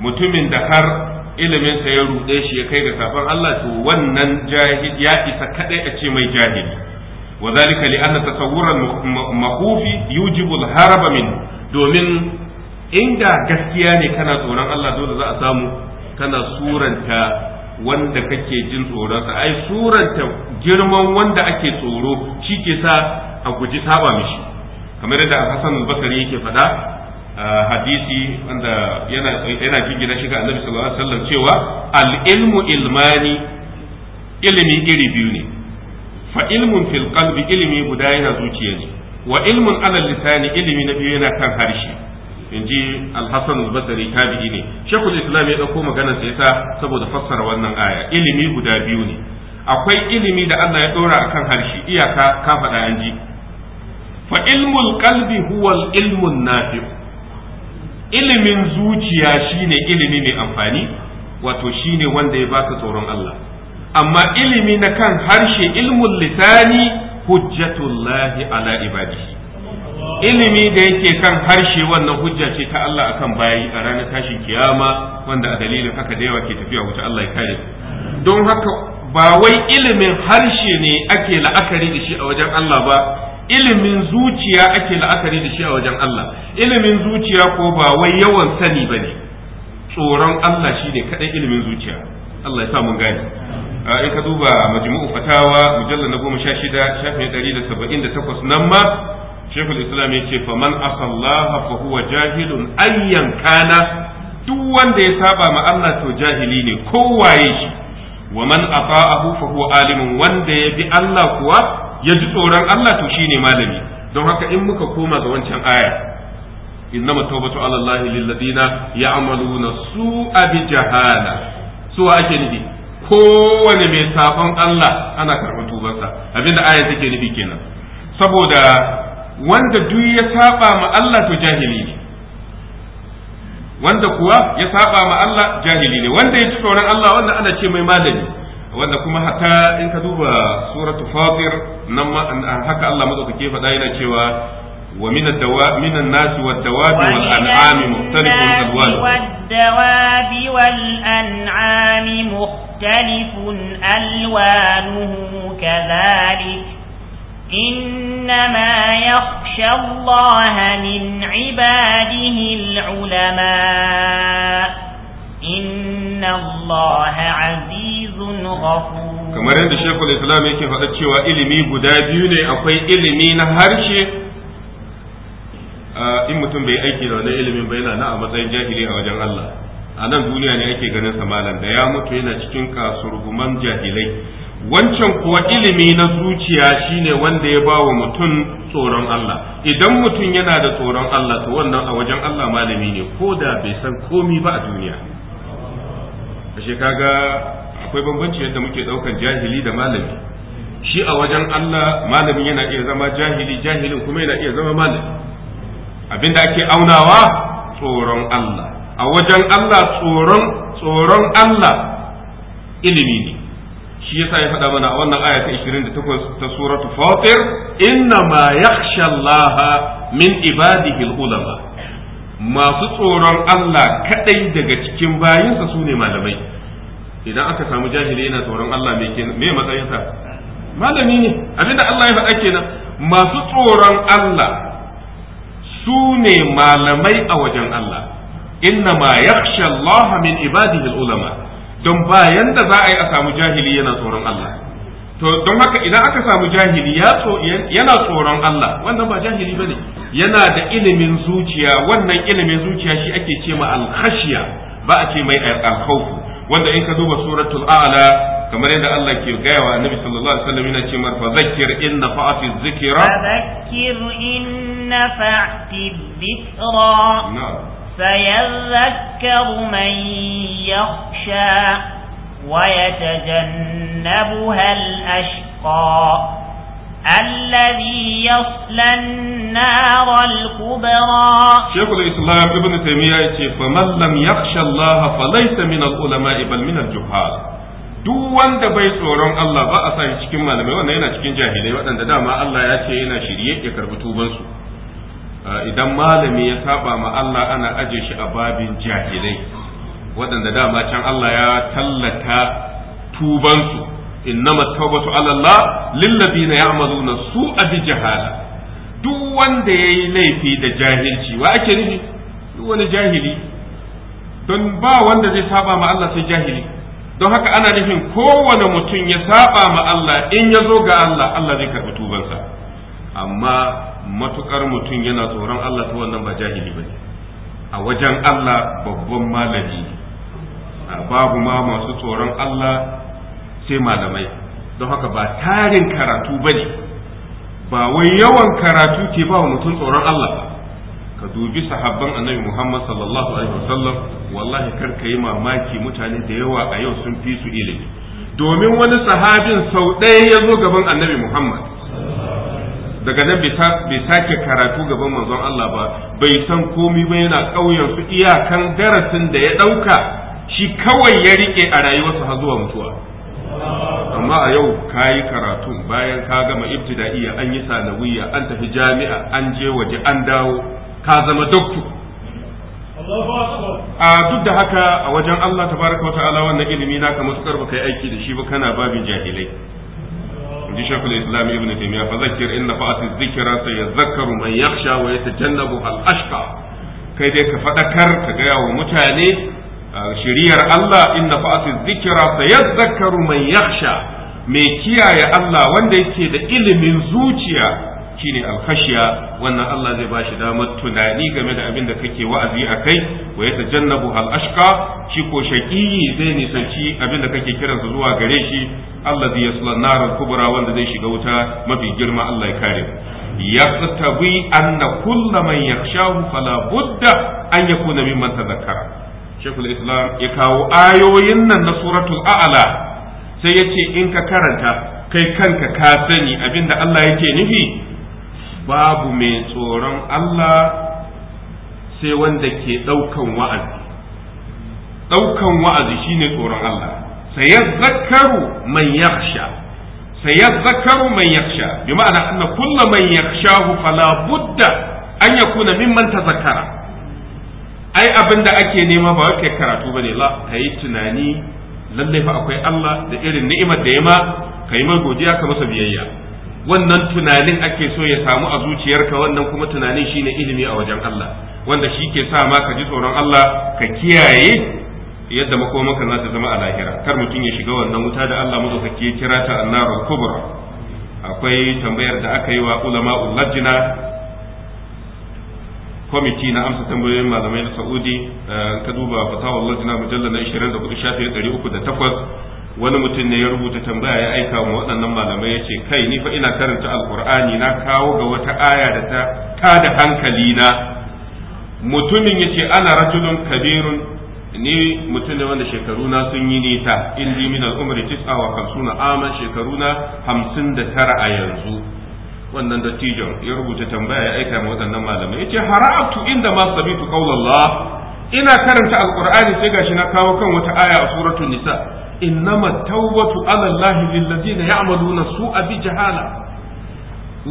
mutumin da har ilimin sa ya rude shi ya kai ga safan Allah to wannan jahil ya isa kadai a ce mai jahili wa zalika li anna tasawwuran mahufi yujibu al-harab min domin inda gaskiya ne kana tsoron Allah dole za a samu kana suranta wanda kake jin tsoronsa ai suranta girman wanda ake tsoro shi ke sa a guji saba mishi kamar yadda Hassan al-Basri yake faɗa hadisi wanda yana yana na shiga annabi sallallahu alaihi wasallam cewa al-ilmu ilmani ilimi iri biyu ne fa ilmun fil qalbi ilimi guda yana zuciya ne wa ilmun ala lisani ilimi na biyu yana kan harshe inji al-hasan al-basri tabi'i ne shekul islam ya dauko maganar sa yasa saboda fassara wannan aya ilimi guda biyu ne akwai ilimi da Allah ya dora akan harshe iyaka ka faɗa an ji fa ilmul qalbi huwa al-ilmun nafi'u ilimin zuciya shine ilimi mai amfani wato shine wanda ya baka tsoron Allah amma ilimi na kan harshe ilmul lisani hujjatullahi ala ibadi. ilimi da yake kan harshe wannan hujja ce ta Allah akan bayi a ranar tashin kiyama wanda a dalilin haka da yawa ke tafiya wuce Allah ya kare don haka ba wai ilimin harshe ne ake la'akari da shi a wajen Allah ba ilimin zuciya ake la'akari da shi a wajen Allah ilimin zuciya ko ba wai yawan sani ba ne tsoron Allah shi ne kaɗai ilimin zuciya Allah ya sa mun gane in ka duba majmu'u fatawa mujallar na goma sha shida shafin ɗari da saba'in da takwas nan ma shekul islam ya ce faman asallaha fa huwa jahilun ayyan kana duk wanda ya saba ma Allah to jahili ne kowaye shi wa man ata'ahu fa huwa alimun wanda ya bi Allah kuwa ya ji tsoron Allah to shine malami don haka in muka koma ga wancan aya innama tawbatu ala Allah lil ladina ya'maluna su'a bi jahala Su ake nufi kowane mai sabon Allah ana karɓar tubarsa abinda aya take nufi kenan saboda wanda duk ya saba ma Allah to jahili ne wanda kuwa ya saba ma Allah jahili ne wanda ya ci tsoron Allah wanda ana ce mai malami wanda kuma hatta in ka duba suratu fatir nan ma haka Allah ke faɗa yana cewa wa min ad-dawa dawabi wal-an'ami mukhtalifun alwanuhu wad-dawabi wal-an'ami mukhtalifun alwanuhu kadhalik إنما يخشى الله من عباده العلماء kamar yadda shekul islam yake faɗa cewa ilimi guda biyu ne akwai ilimi na harshe ah, in mutum bai aiki da wani ilimin bai yana a matsayin jahili a wajen Allah a nan duniya ne ake ganin samalan malam da ya mutu yana cikin kasurguman jahilai wancan kuwa ilimi na zuciya shine wanda ya ba wa mutum tsoron Allah idan mutum yana da tsoron Allah to wannan a wajen Allah malami ne ko da bai san komi ba a duniya ashe kaga akwai bambanci yadda muke daukan jahili da malami shi a wajen Allah malami yana iya zama jahili jahilin kuma yana iya zama malami abinda ake aunawa tsoron Allah a wajen Allah tsoron tsoron Allah ilimi ne shi yasa ya faɗa mana a wannan aya ta 28 ta suratu fatir inna ma yakhsha Allah min ibadihi ulama masu tsoron Allah kadai daga cikin bayinsa su ne malamai idan aka samu jahili yana tsoron Allah me matsayinsa malami ne abinda Allah ya faɗa kenan masu tsoron Allah su ne malamai a wajen Allah inna ma yakhsha Allah min ibadihi ulama don bayan da za a yi a samu jahili yana tsoron Allah to don haka idan aka samu jahili yana tsoron Allah wannan ba jahili bane yana da ilimin zuciya wannan ilimin zuciya shi ake ce ma alkhashiya ba a ce mai alkhawfu wanda in ka duba suratul a'la kamar yadda Allah ke gaya wa annabi sallallahu alaihi wasallam yana ce mar fa zakkir in nafa'ati dhikra fadhakkir in nafa'ati dhikra sayadhakkaru man yakhsha ويتجنبها الأشقى الذي يصلى النار الكبرى شيخ الإسلام ابن تيمية فمن لم يخشى الله فليس من العلماء بل من الجهال duk wanda bai tsoron Allah ba a cikin malamai wannan yana cikin jahilai waɗanda dama Allah ya ce yana shirye ya karbi tubansu idan malami ya saba ma Allah ana aje shi a babin jahilai waɗanda dama can Allah ya tallata tubansu innama tawbatu ala Allah lillazina ya'maluna su'a bi jahala duk wanda yayi laifi da jahilci wa ake nufi duk wani jahili don ba wanda zai saba ma Allah sai jahili don haka ana nufin kowane mutum ya saba ma Allah in ya zo ga Allah Allah zai karɓi tubansa amma matukar mutum yana tsoron Allah ta wannan ba jahili bane a wajen Allah babban malami babu ma masu tsoron Allah sai malamai don haka ba tarin karatu ba ne. ba wai yawan karatu ke ba wa mutum tsoron Allah ka dubi sahabban annabi Muhammad sallallahu alaihi wasallam wallahi kar ka yi mamaki mutane da yawa a yau sun fi su ilimi domin wani sahabin sau ɗaya ya zo gaban annabi Muhammad daga nan bai sake karatu gaban manzon Allah ba bai san komai ba yana ƙauyen su iyakan darasin da ya ɗauka shi kawai ya rike a rayuwarsa har zuwa mutuwa amma a yau ka yi karatu bayan ka gama ibtida'iyya an yi sanawiyya an tafi jami'a an je waje an dawo ka zama duk. a duk da haka a wajen Allah tabaraka wa ta'ala wannan ilimi naka matukar ba yi aiki da shi ba kana babin jahilai inji shakul islam ibn taymiya fa zakkir inna fa'ati dhikra sayadhakkaru man yakhsha wa yatajannabu al-ashqa kai dai ka fadakar ka ga wa mutane shiriyar Allah inna fa'atu dhikra sayadhakkaru man yakhsha mai kiyaye Allah wanda yake da ilimin zuciya shine alkhashiya wannan Allah zai bashi damar tunani game da abin da kake wa'azi akai wa yatajannabu al ashqa shi ko shaqiyi zai nisanci abin da kake kiransa zuwa gare shi Allah zai yasla narar kubra wanda zai shiga wuta mafi girma Allah ya kare yaqtabi anna kullu man yakhshahu fala budda an yakuna mimman tadhakkara shekul islam ya kawo ayoyin nan na suratul a'la sai ya ce in ka karanta kai kanka ka sani abinda Allah yake nufi babu mai tsoron Allah sai wanda ke ɗaukan wa'azi ɗaukan wa'azi shine tsoron Allah sayazakaru man yakhsha sayazakaru man yakhsha bi ma'ana anna kullu man yakhshahu fala budda an yakuna mimman Zakara. ai abin da ake nema ba wai kai karatu bane la kai tunani lallai fa akwai Allah da irin ni'imar da ya ma kai mai godiya ka masa biyayya wannan tunanin ake so ya samu a zuciyarka wannan kuma tunanin shine ilimi a wajen Allah wanda shi ke sa ma ka ji tsoron Allah ka kiyaye yadda makomaka za ta zama a lahira kar mutum ya shiga wannan wuta da Allah madaukaki ya kira ta annar kubra akwai tambayar da aka yi wa ulama'ul lajna kwamiti na amsa tambayoyin malamai na saudi eh, ka duba fatawar lajina mujallar na 24 shafi 308 wani mutum ne ya rubuta tambaya ya aika mu waɗannan malamai ya ce kai ni fa ina karanta alkur'ani na kawo ga wata aya da ta tada hankali na mutumin ya ce ana rajulun kabirun ni mutum ne wanda na sun yi nita. in min al tis'a wa 50 aman da tara a yanzu wannan dattijon ya rubuta tambaya ya aika ma waɗannan malamai yace haratu inda ma sabitu qaulallah ina karanta alqur'ani sai gashi na kawo kan wata aya a suratu nisa innama tawbatu ala allahi lil ladina ya'maluna su'a bi jahala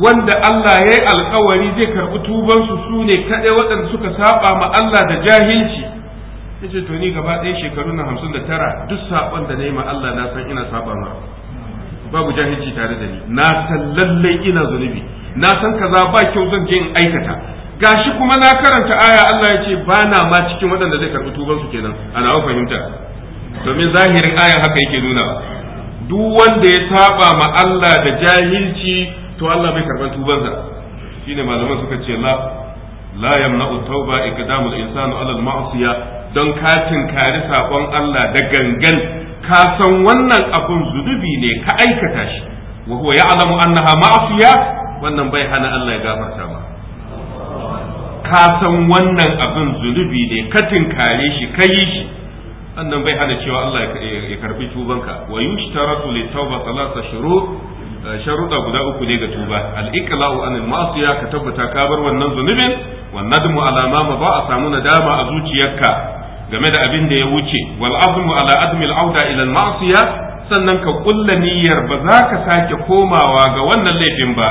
wanda Allah ya yi alkawari zai karɓi tubansu su ne kaɗai waɗanda suka saba ma Allah da jahilci yace to ni gaba ɗaya shekaru na hamsin da tara duk saɓon da nayi ma Allah na san ina saba ma babu jahilci tare da ni na san lallai ina zunubi na san kaza ba kyau zan je in aikata gashi kuma na karanta aya Allah ya ce ba na ma cikin waɗanda zai karɓi tuban su kenan ana wa fahimta domin zahirin aya haka yake nuna duk wanda ya saba ma Allah da jahilci to Allah bai tuban tubansa shine malaman suka ce la la yamna'u tauba iqdamul insanu ala al-ma'siyah don katin kari sakon Allah da gangan ka san wannan abun zunubi ne ka aikata shi wa huwa ya'lamu annaha ma'siya wannan bai hana Allah ya gafarta ma ka san wannan abin zunubi ne ka tinkare shi ka yi shi wannan bai hana cewa Allah ya karbi tubanka wa yushtaratu litawba thalatha shurut eh, sharuɗa guda uku ne ga tuba al-iqla'u anil ma'siya ka tabbata ka bar wannan zunubin wan nadmu ala ma ba a samu nadama a zuciyarka game da abin da ya wuce wal azmu ala azmil auda ila al ma'siya sannan ka kulla niyyar ba za ka sake komawa ga wannan laifin ba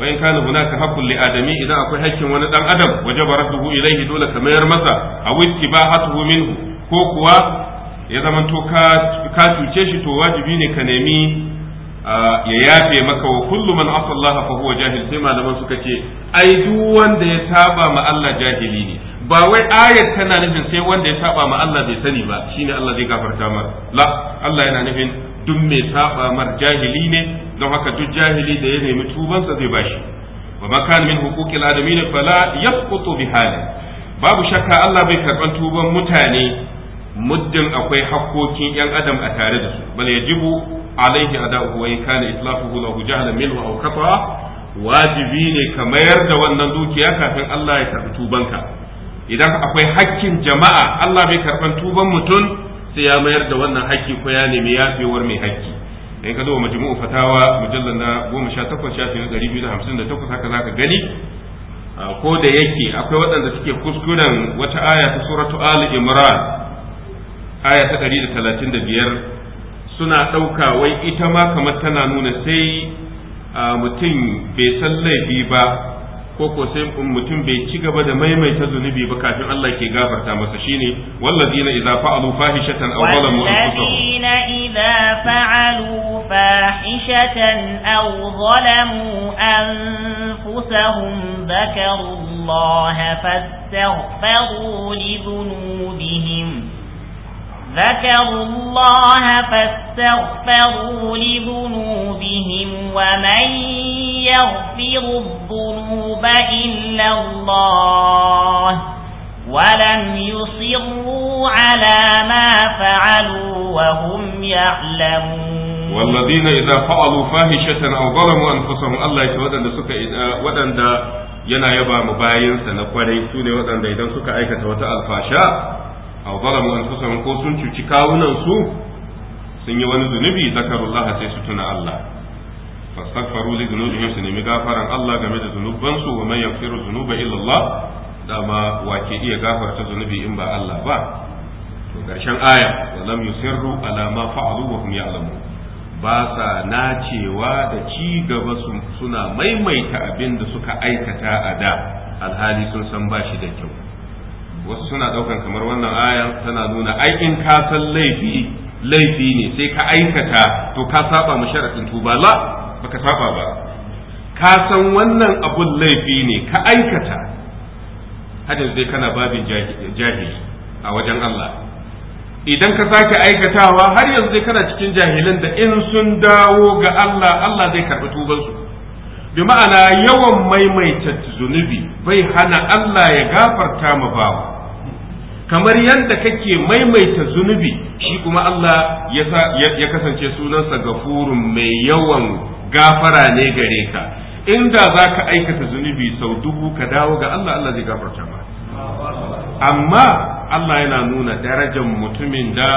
wa in kana hunaka haqqun li adami idan akwai haƙƙin wani dan adam wajaba radduhu ilayhi dole ka mayar masa aw istibahatuhu minhu ko kuwa ya zama to ka cuce shi to wajibi ne ka nemi ya yafe maka wa kullu man asa Allah fa huwa jahil sai malaman suka ce ai duk wanda ya saba ma Allah jahili ne ba wai ayat tana nufin sai wanda ya saba ma Allah bai sani ba shine Allah zai gafarta mar la Allah yana nufin duk mai saba mar jahili ne don haka duk jahili da ya nemi tubansa zai bashi wa ma kana min huquqil adamin fala yasqutu bi hali babu shakka Allah bai karban tuban mutane muddin akwai hakkokin yan adam a tare da su bal yajibu alaihi adahu wa in kana itlafuhu lahu jahlan min wa khata'a wajibi ne ka mayar da wannan dukiya kafin Allah ya karbi tubanka idan akwai hakkin jama'a Allah bai karban tuban mutum sai ya mayar da wannan hakki ko ya nemi yafewar mai hakki in ka zo majmu'u fatawa mujallal na 18 shafi 258 haka zaka gani ko da yake akwai waɗanda suke kuskuren wata aya ta suratu ali imran aya ta 135 suna ɗauka wai ita ma kamar tana nuna sai mutum bai san laifi ba ko ko sai mutum bai ci gaba da maimaita zunubi ba kafin Allah ke gafarta masa shine wallazina idza fa'alu fahishatan aw zalamu anfusahum idza fa'alu fahishatan aw zalamu anfusahum dhakaru fastaghfiru li ذكروا الله فاستغفروا لذنوبهم ومن يغفر الذنوب إلا الله ولم يصروا على ما فعلوا وهم يعلمون والذين إذا فعلوا فاهشة أو ظلموا أنفسهم الله يتودن لسكة ودن يَنَا yana مُبَايِنْ mu bayinsa na kwarai su ne waɗanda idan aw zalamu anfusahum ko sun cuci kawunan su sun yi wani zunubi zakarullaha sai su tuna Allah fastaghfiru li dhunubihim su nemi gafaran Allah game da zunuban su wa man yaghfiru dhunuba illa Allah dama wake iya gafarta zunubi in ba Allah ba to karshen aya wa lam yusirru ala ma fa'alu wa hum ya'lamun ba sa nacewa da ci gaba suna maimaita abin da suka aikata a da alhali sun san bashi da kyau wasu suna ɗaukan kamar wannan aya tana nuna ai in ka san laifi laifi ne sai ka aikata to ka saba mu sharadin tuba la baka saba ba ka san wannan abun laifi ne ka aikata hadin sai kana babin jahili a wajen Allah idan ka sake aikatawa har yanzu dai kana cikin jahilan da in sun dawo ga Allah Allah zai karɓi tubansu bi ma'ana yawan maimaita zunubi bai hana Allah ya gafarta ma bawa kamar yadda kake maimaita zunubi shi kuma Allah ya kasance sunansa gafurun mai yawan gafara ne gare ka inda za ka aikata zunubi sau dubu ka dawo ga Allah Allah zai gafarta ma amma Allah yana nuna darajar mutumin da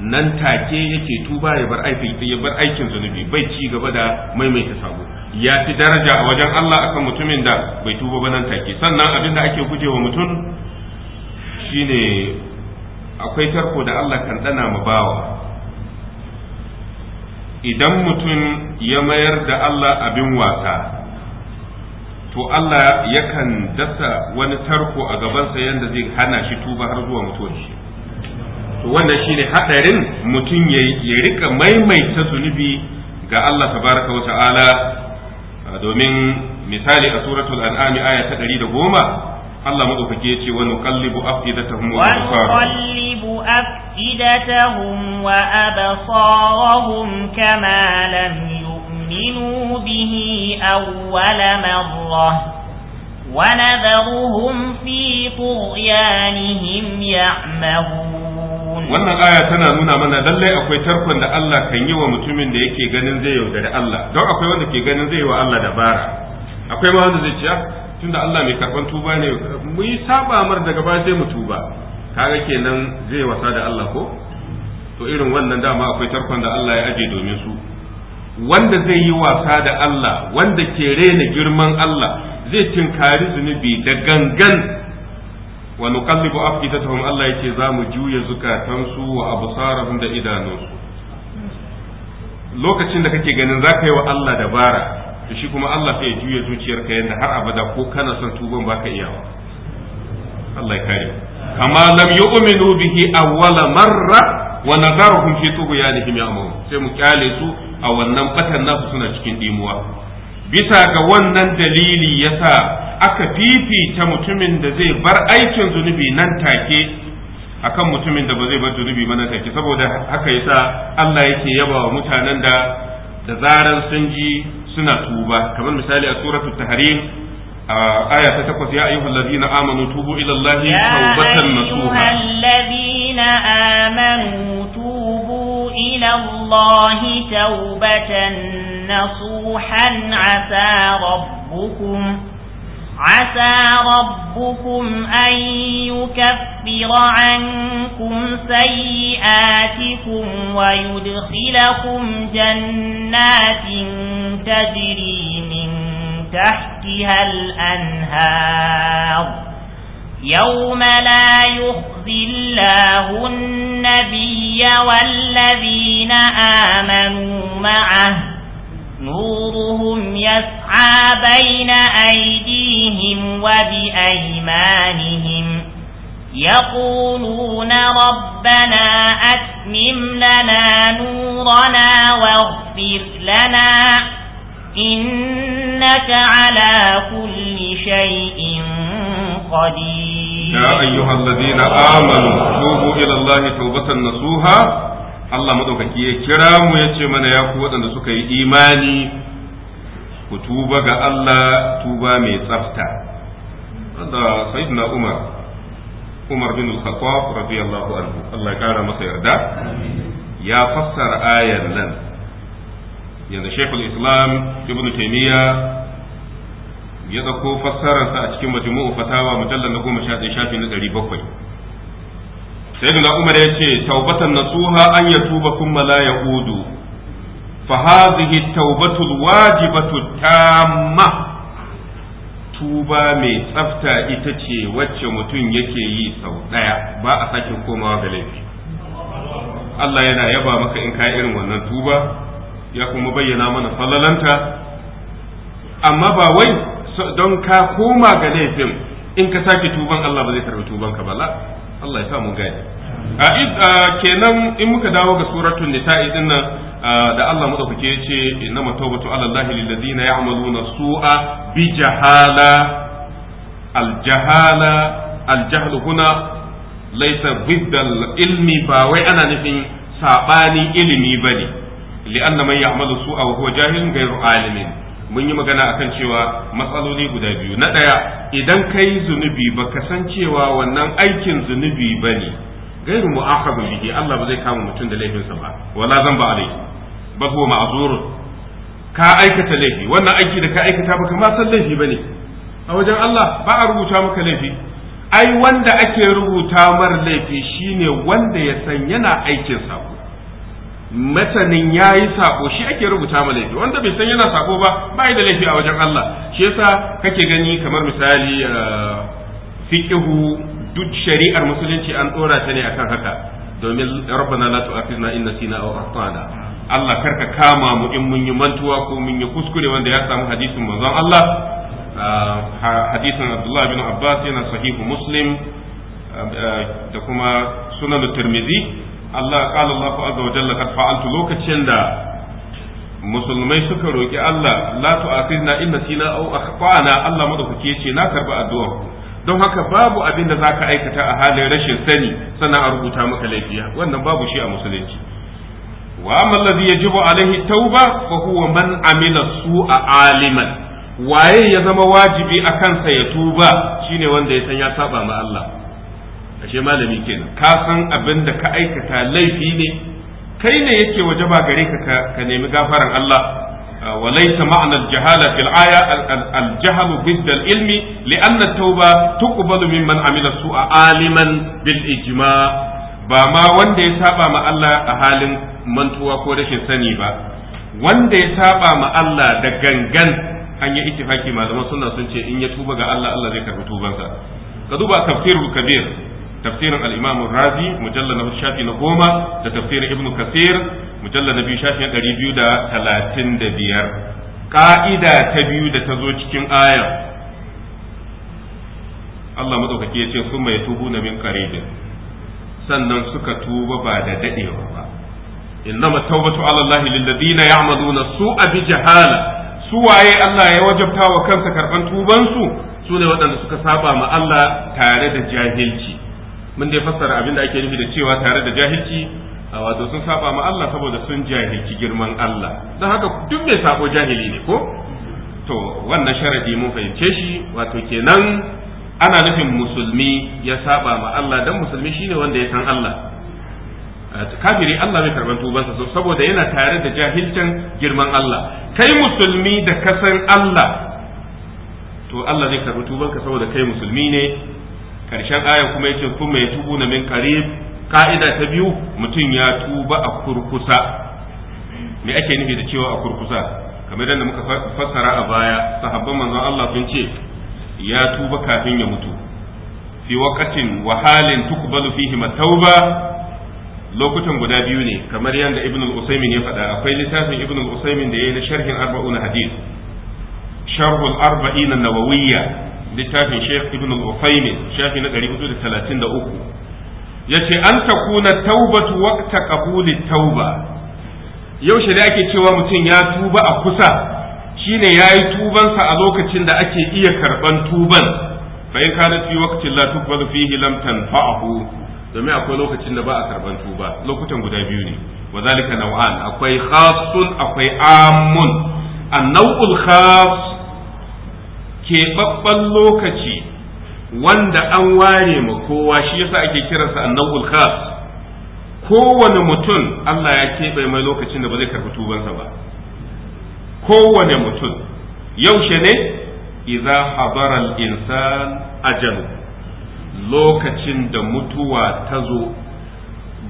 nan take yake tuba ya bar aikin ya bar aikin zunubi bai ci gaba da maimaita sabo ya fi daraja a wajen Allah akan mutumin da bai tuba ba nan take sannan abin ake gujewa mutum shine akwai tarko da Allah kan dana ma bawa idan mutum ya mayar da Allah abin wasa to Allah yakan dasa wani tarko a gabansa yadda zai hana shi tuba har zuwa mutuwa shi to wannan shine haɗarin mutum ya rika maimaita zunubi ga Allah tabaraka wa ta'ala domin misali a suratul an'ami aya ta 110 Allah madaukake yace wa nuqallibu afidatahum wa nuqallibu afidatahum wa absarahum kama lam yu'minu bihi awwal marrah ونذرهم في طغيانهم يعمهون wannan aya tana nuna mana lallai akwai tarkon da Allah kan yi wa mutumin da yake ganin zai yaudari Allah don akwai wanda ke ganin zai yi wa Allah dabara akwai ma wanda zai ce ah, tunda Allah mai karban tuba ne mu yi saba mar daga baya sai mu tuba kaga kenan zai wasa da Allah ko to irin wannan dama akwai tarkon da Allah ya aje domin su wanda zai yi wasa da Allah wanda ke rena girman Allah zai tinkari zunubi da gangan wa nuqallibu afkidatahum Allah yace zamu juya zukatansu wa absarahum da idanunsu lokacin da kake ganin za yi wa Allah dabara to shi kuma Allah sai ya juya zuciyarka yadda har abada ko kana son tuban baka iya. Allah ya kare kama lam yu'minu bihi awwala marra wa nadaruhum fi tughyanihim ya'mun sai mu kyale su a wannan batan nasu suna cikin dimuwa bisa ga wannan dalili yasa aka fifita mutumin da zai bar aikin zunubi nan take akan mutumin da ba zai bar zunubi ba nan take saboda haka yasa Allah yake yaba wa mutanen da da zaran sun ji suna tuba kamar misali a suratul tahrim aya ta takwas ya ayyuhal ladina amanu tubu ila Allah tawbatan nasuha ya ladina amanu tubu ila Allah tawbatan nasuhan asa rabbukum عسى ربكم أن يكفر عنكم سيئاتكم ويدخلكم جنات تجري من تحتها الأنهار يوم لا يخزي الله النبي والذين آمنوا معه نورهم يسعى بين أيديهم وبأيمانهم يقولون ربنا أتمم لنا نورنا واغفر لنا إنك على كل شيء قدير يا أيها الذين آمنوا توبوا إلى الله توبة نصوها Allah madaukaki ya kira mu ya ce mana ya ku waɗanda suka yi imani ku tuba ga Allah tuba mai tsafta da sayyidina Umar Umar bin Al-Khattab radiyallahu anhu Allah ya kara masa yarda ya fassara ayar nan yanzu Sheikhul Islam Ibn Taymiyyah ya dauko fassararsa a cikin majmu'u fatawa mujallal na 11 shafi na 700 sayyidina umar ya ce taubatan nasuha an tuba kuma la yaudu fa hadhihi at-taubatu wajibatu tamma tuba mai tsafta ita ce wacce mutum yake yi sau ɗaya ba a sake komawa ga laifi Allah yana yaba maka in ka irin wannan tuba ya kuma bayyana mana falalanta amma ba wai don ka koma ga laifin in ka sake tuban Allah ba zai karbi tuban ka ba Allah ya sa mu gane a kenan in muka dawo ga suratul nisa'i din nan da Allah madaukake ya ce innama tawbatu ala Allah lil ladina ya'maluna su'a bi jahala al jahala al jahl huna laysa biddal ilmi ba wai ana nufin sabani ilimi bane li'anna man ya'malu su'a wa huwa jahilun ghayru alimin mun yi magana akan cewa matsaloli guda biyu na ɗaya idan ka yi zunubi ba ka san cewa wannan aikin zunubi ba ne gairu mu'aqabu bihi Allah ba zai kama mutum da laifinsa ba wala zan ba alai ba huwa ma'zurun ka aikata laifi wannan aiki da ka aikata ba kamar san laifi ba ne. a wajen Allah ba a rubuta maka laifi ai wanda ake rubuta mar laifi shine wanda ya san yana aikin sako masanin ya yi sako shi ake rubuta ma laifi wanda bai san yana sako ba ba yi da laifi a wajen Allah shi yasa kake gani kamar misali uh, fiqhu duk shari'ar musulunci an dora ta ne akan haka domin rabbana la tu'akhizna in nasina aw akhtana Allah karka kama mu in mun yi mantuwa ko mun yi kuskure wanda ya samu hadisin manzon Allah uh, hadisin Abdullah bin Abbas yana sahihu Muslim uh, da kuma sunan Tirmidhi Allah qala Allahu azza wa jalla fa'altu lokacin da musulmai suka roki Allah la tu'akhidna in nasina aw akhtana Allah madaukake ce na karba addu'a don haka babu abin da za ka aikata a halin rashin sani sana a rubuta maka laifiya wannan babu shi a musulunci wa amma alladhi yajibu alaihi tauba fa huwa man amila su'a aliman waye ya zama wajibi a sa ya tuba shine wanda ya san ya saba ma Allah ashe malami kenan ka san abin da ka aikata laifi ne kai ne yake waje ba gare ka ka nemi gafaran Allah وليس معنى الجهالة في الآية الجهل ضد العلم tauba التوبة تقبل ممن عمل aliman bil بالإجماع ba ma wanda ya saba ma Allah a halin mantuwa ko rashin sani ba wanda ya saba ma Allah da gangan an yi ittifaki malaman sunna sun ce in ya tuba ga Allah Allah zai karbi tubansa ka duba tafsirul kabir tafsirin al-imam razi na shafi na goma da tafsirin ibnu kasir mujallal na biyu shafi na ɗari biyu da talatin da biyar ƙa'ida ta biyu da ta zo cikin ayar Allah maɗaukaki ya ce sun mai tubu na min karibin sannan suka tuba ba da daɗewa ba إنما التوبة على الله للذين يعملون السوء بجهالة su waye Allah ya wajabta wa kansa karɓan tubansu su ne waɗanda suka saba ma Allah tare da jahilci mun dai fassara abin da ake nufi da cewa tare da jahilci a wato sun saba ma Allah saboda sun jahilci girman Allah don haka duk mai sabo jahili ne ko to wannan sharadi mun fahimce shi wato kenan ana nufin musulmi ya saba ma Allah dan musulmi shine wanda ya san Allah kafiri Allah bai karban tubansa saboda yana tare da jahilcin girman Allah kai musulmi da kasan Allah to Allah zai karbi tubanka saboda kai musulmi ne karshen aya kuma yace kuma ya tubu na min qarib ka'ida ta biyu mutum ya tuba a kurkusa me ake nufi da cewa a kurkusa kamar yadda muka fassara a baya sahabban manzon Allah sun ce ya tuba kafin ya mutu fi waqatin wa halin tuqbalu fihi tauba lokutan guda biyu ne kamar yadda ibn al-usaymin ya faɗa akwai littafin ibn al-usaymin da yayi na sharhin arba'una hadith sharh al-arba'in an-nawawiyya littafin Sheikh Ibn al-Uthaymeen shafi na 433 yace an takuna taubatu waqta qabuli tauba yaushe da ake cewa mutum ya tuba a kusa shine yayi tubansa a lokacin da ake iya karban tuban fa in kana fi waqtin la tuqbalu fihi lam tanfa'ahu domin akwai lokacin da ba a karban tuba lokutan guda biyu ne wazalika nau'an naw'an akwai khassun akwai amun an-naw'ul khass keɓaɓɓen lokaci wanda an ware ma kowa shi yasa ake kiransa annabul khas kowane mutum Allah ya keɓe mai lokacin da ba zai karɓi tubansa ba kowane mutum yaushe ne idza habara al-insan ajalu lokacin da mutuwa ta zo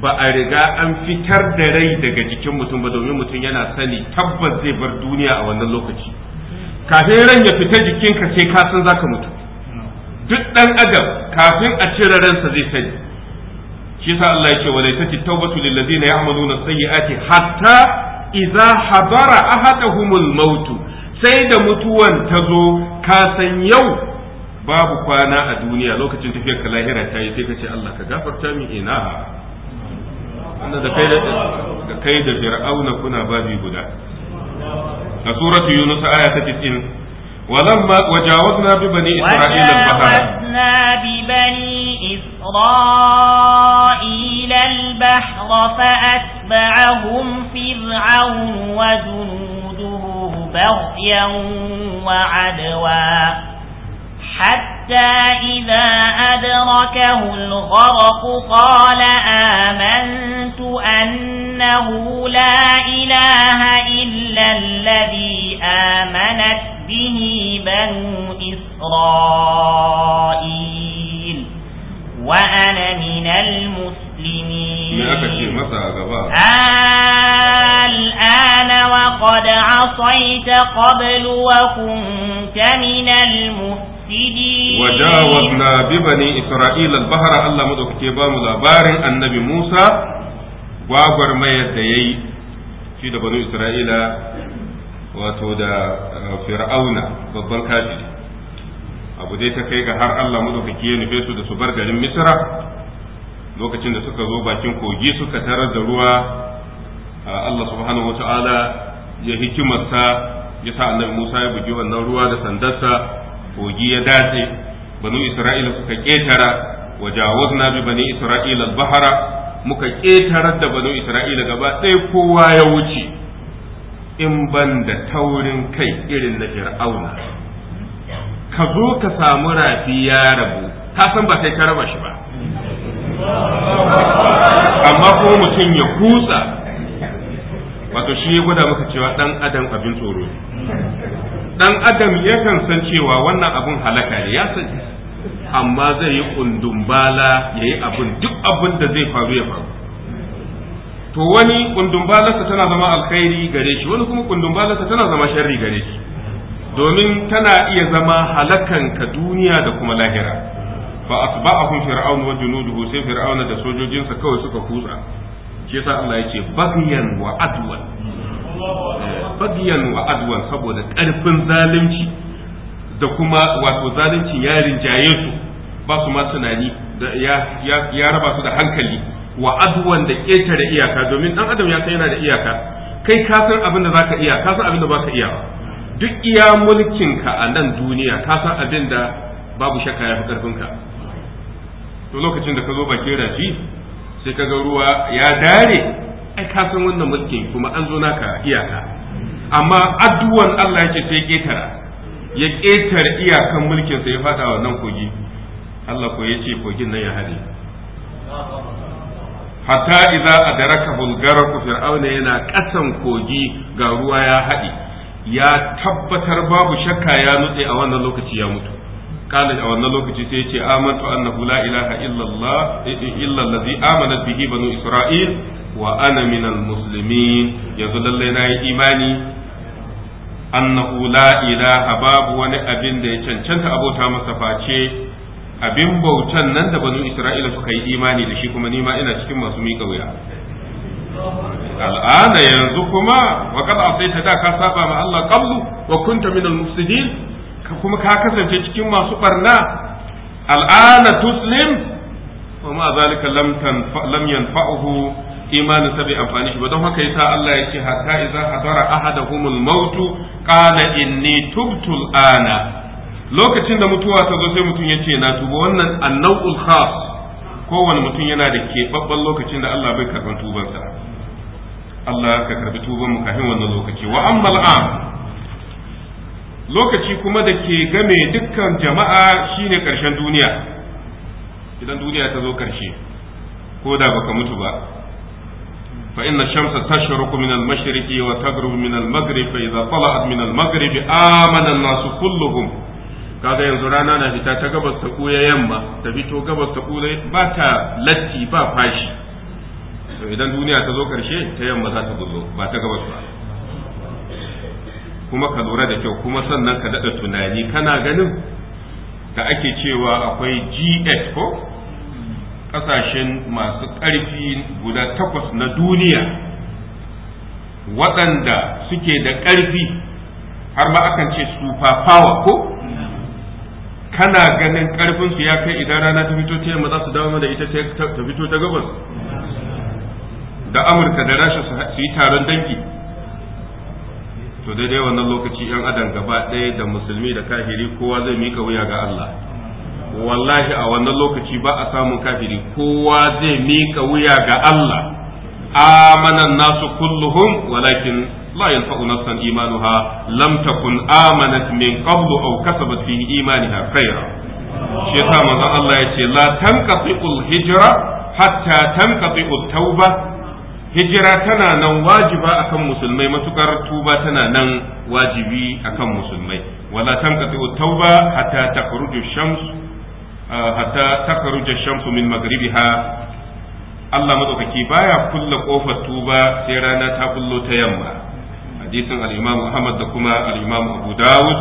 ba a riga an fitar da rai daga jikin mutum ba domin mutum yana sani tabbas zai bar duniya a wannan lokaci kafin ran ya fita jikinka sai ka san zaka mutu duk dan adam kafin a cire ransa zai sani shi yasa Allah yake wa laysati tawbatu lil ladina ya'maluna sayyi'ati hatta idza hadara ahaduhumul maut sai da mutuwan ta zo ka san yau babu kwana a duniya lokacin tafiyar ka lahira ta yi sai ka ce Allah ka gafarta min ina da kai da fir'auna kuna babi guda سورة يونس آية aya 90 ولما وجاوزنا ببني إسرائيل البحر وجاوزنا ببني إسرائيل البحر فأتبعهم فرعون وجنوده بغيا وعدوا حتى حتى إذا أدركه الغرق قال آمنت أنه لا إله إلا الذي آمنت به بنو إسرائيل وأنا من المسلمين الآن وقد عصيت قبل وكنت من المسلمين وجاوزنا ببني إسرائيل البحر الله مدوكي بام لابار النبي موسى gwagwar mayar da ya yi shi da banu isra'ila wato da fir'auna babban kafiri abu dai ta kai ga har allah maɗaukaki ya nufe su da su bar garin misra lokacin da suka zo bakin kogi suka tarar da ruwa allah subhanahu wa ta'ala ya hikimarsa ya sa annabi musa ya bugi wannan ruwa da sandarsa kogi ya dace banu isra'ila suka ketara wa jawazna bi bani isra'ila al-bahra muka ketarar da banu isra'ila gaba ɗaya kowa ya wuce in ban da taurin kai irin na fir'auna ka zo ka samu rafi ya rabu ka san ba sai ka raba shi ba amma ko mutum ya kusa wato shi ya gwada maka cewa dan adam abin tsoro ne dan adam yakan san cewa wannan abun halaka ne ya san amma zai yi kundumbala ya yi abun duk abun da zai faru ya faru to wani kundumbalarsa tana zama alkhairi gare shi wani kuma kundumbalarsa tana zama sharri gare shi domin tana iya zama halakan ka duniya da kuma lahira fa asba'ahum fir'aun wa junuduhu sai fir'auna da sojojinsa kawai suka kusa shi yasa Allah yake baghyan wa adwan bagiyan wa adwan saboda karfin zalunci da kuma wato zalunci ya rinjaye su ba su ma tunani ya raba su da hankali wa adwan da ƙetare iyaka domin dan adam ya san yana da iyaka kai ka san abin da zaka iya ka san abin da baka iya duk iya mulkin ka a nan duniya ka san abin da babu shakka ya fi karfin ka to lokacin da ka zo bakin rafi sai ka ga ruwa ya dare ai ka san wannan mulkin kuma an zo naka iyaka amma addu'an Allah yake sai ketara ya ƙetar iyakan mulkin sa ya fada wannan kogi Allah ko yace kogin nan ya hade hatta idza adraka bulgaraku fir'auna yana kasan kogi ga ruwa ya hade ya tabbatar babu shakka ya nutse a wannan lokaci ya mutu قال a wannan lokaci sai yace amantu annahu la ilaha illa Allah eh, eh, illa allazi amanat bihi banu isra'il wa ana minal muslimin yanzu lallai na yi imani annahu la ilaha babu wani abin da ya cancanta abota masa face abin bautan nan da banu isra'ila suka yi imani da shi kuma nima ina cikin masu miƙa wuya al'ana yanzu kuma wa asaita da ka saba ma Allah qablu wa kunta minal mufsidin kuma ka kasance cikin masu barna al'ana tuslim wa ma zalika lam yanfa'uhu imanin sa bai amfani shi ba don haka yasa Allah ya ce hatta idza hadara ahadahumul mautu qala inni tubtu ana lokacin da mutuwa ta zo sai mutum yace na tuba wannan annawul khas kowane mutum yana da keɓaɓɓen lokacin da Allah bai karɓar tubansa Allah ka karɓi tuban mu kafin wannan lokaci wa ammal lokaci kuma da ke game dukkan jama'a shine karshen duniya idan duniya ta zo ƙarshe ko da baka mutu ba فإن الشمس تشرق من المشرق وتغرب من المغرب فإذا طلعت من المغرب آمن الناس كلهم kaga yanzu rana na fita ta gabas ta kuya yamma ta fito gabas ta kuya ba ta latti ba fashi to idan duniya ta zo karshe ta yamma za ta bullo ba ta gabas ba kuma ka lura da kyau kuma sannan ka daɗa tunani kana ganin da ake cewa akwai GS ko ƙasashen masu ƙarfi guda takwas na duniya waɗanda suke da ƙarfi har ma akan ce super power ko kana ganin ƙarfinsu ya kai idan rana ta fito ta yamma za su dawo da ita ta fito ta gabas da amurka da rasha su yi taron dangi to daidai wannan lokaci 'yan adam gaba ɗaya da musulmi da kahiri kowa zai mika wuya ga allah wallahi a wannan lokaci ba a samun kafiri kowa zai mika wuya ga Allah amanan nasu kulluhum walakin la yanfa'u nafsan imanuha lam takun amanat min qablu aw kasabat fi imaniha khayra shi yasa manzon Allah yace la tanqati'ul hijra hatta tanqati'ut tauba hijira tana nan wajiba akan musulmai matukar tuba tana nan wajibi akan musulmai wala tanqati'ut tauba hatta takhruju Shamsu. hatta takaruja shamsu min magribiha Allah madaukaki baya kulla kofar tuba sai rana ta bullo ta yamma hadisin al-Imam Muhammad da kuma al-Imam Abu Dawud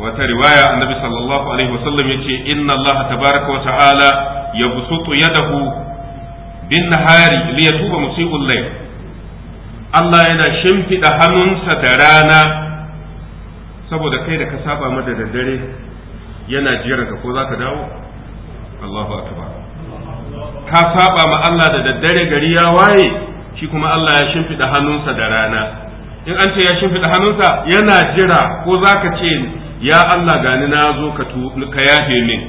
wata riwaya annabi sallallahu alaihi wasallam yace inna Allah tabaraka wa ta'ala yabsutu yadahu bin nahari li yatuba musii'ul layl Allah yana shimfida hannunsa da rana saboda kai da ka saba mada da dare yana jiranka ko za ka dawo Allahu akbar ka saba ma Allah da daddare gari ya waye shi kuma Allah ya shimfida hannunsa da rana in an ce ya shimfida hannunsa yana jira ko za ka ce ya Allah gani na zo ka yafe min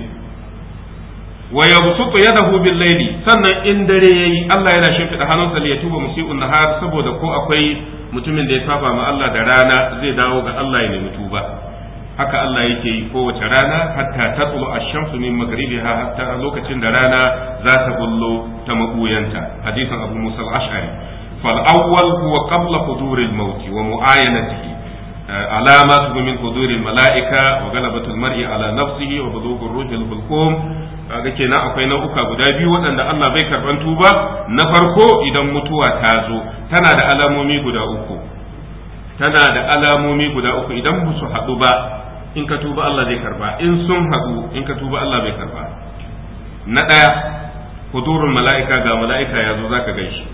wa yabsutu yadahu bil layli sannan in dare yayi Allah yana shimfida hannunsa li yatuba musii'un nahar saboda ko akwai mutumin da ya saba ma Allah da rana zai dawo ga Allah ya nemi tuba haka Allah yake yi kowace rana hatta tatlu a shamsu min hatta lokacin da rana za ta bullo ta mabuyanta hadisin Abu Musa al-Ash'ari fal awwal huwa qabla hudur al-maut wa muayanatihi uh, alamatu min hudur al-mala'ika wa galabatu al-mar'i ala nafsihi wa bulugh ar-ruh al-hulqum kaga kenan akwai nau'uka guda biyu waɗanda Allah bai karban tuba na farko idan mutuwa ta zo tana da alamomi guda uku tana da alamomi guda uku idan ba su haɗu ba in ka tuba Allah zai karba in sun haɗu in ka tuba Allah bai karba na ɗaya kudurin mala'ika ga mala'ika ya zo zaka gan shi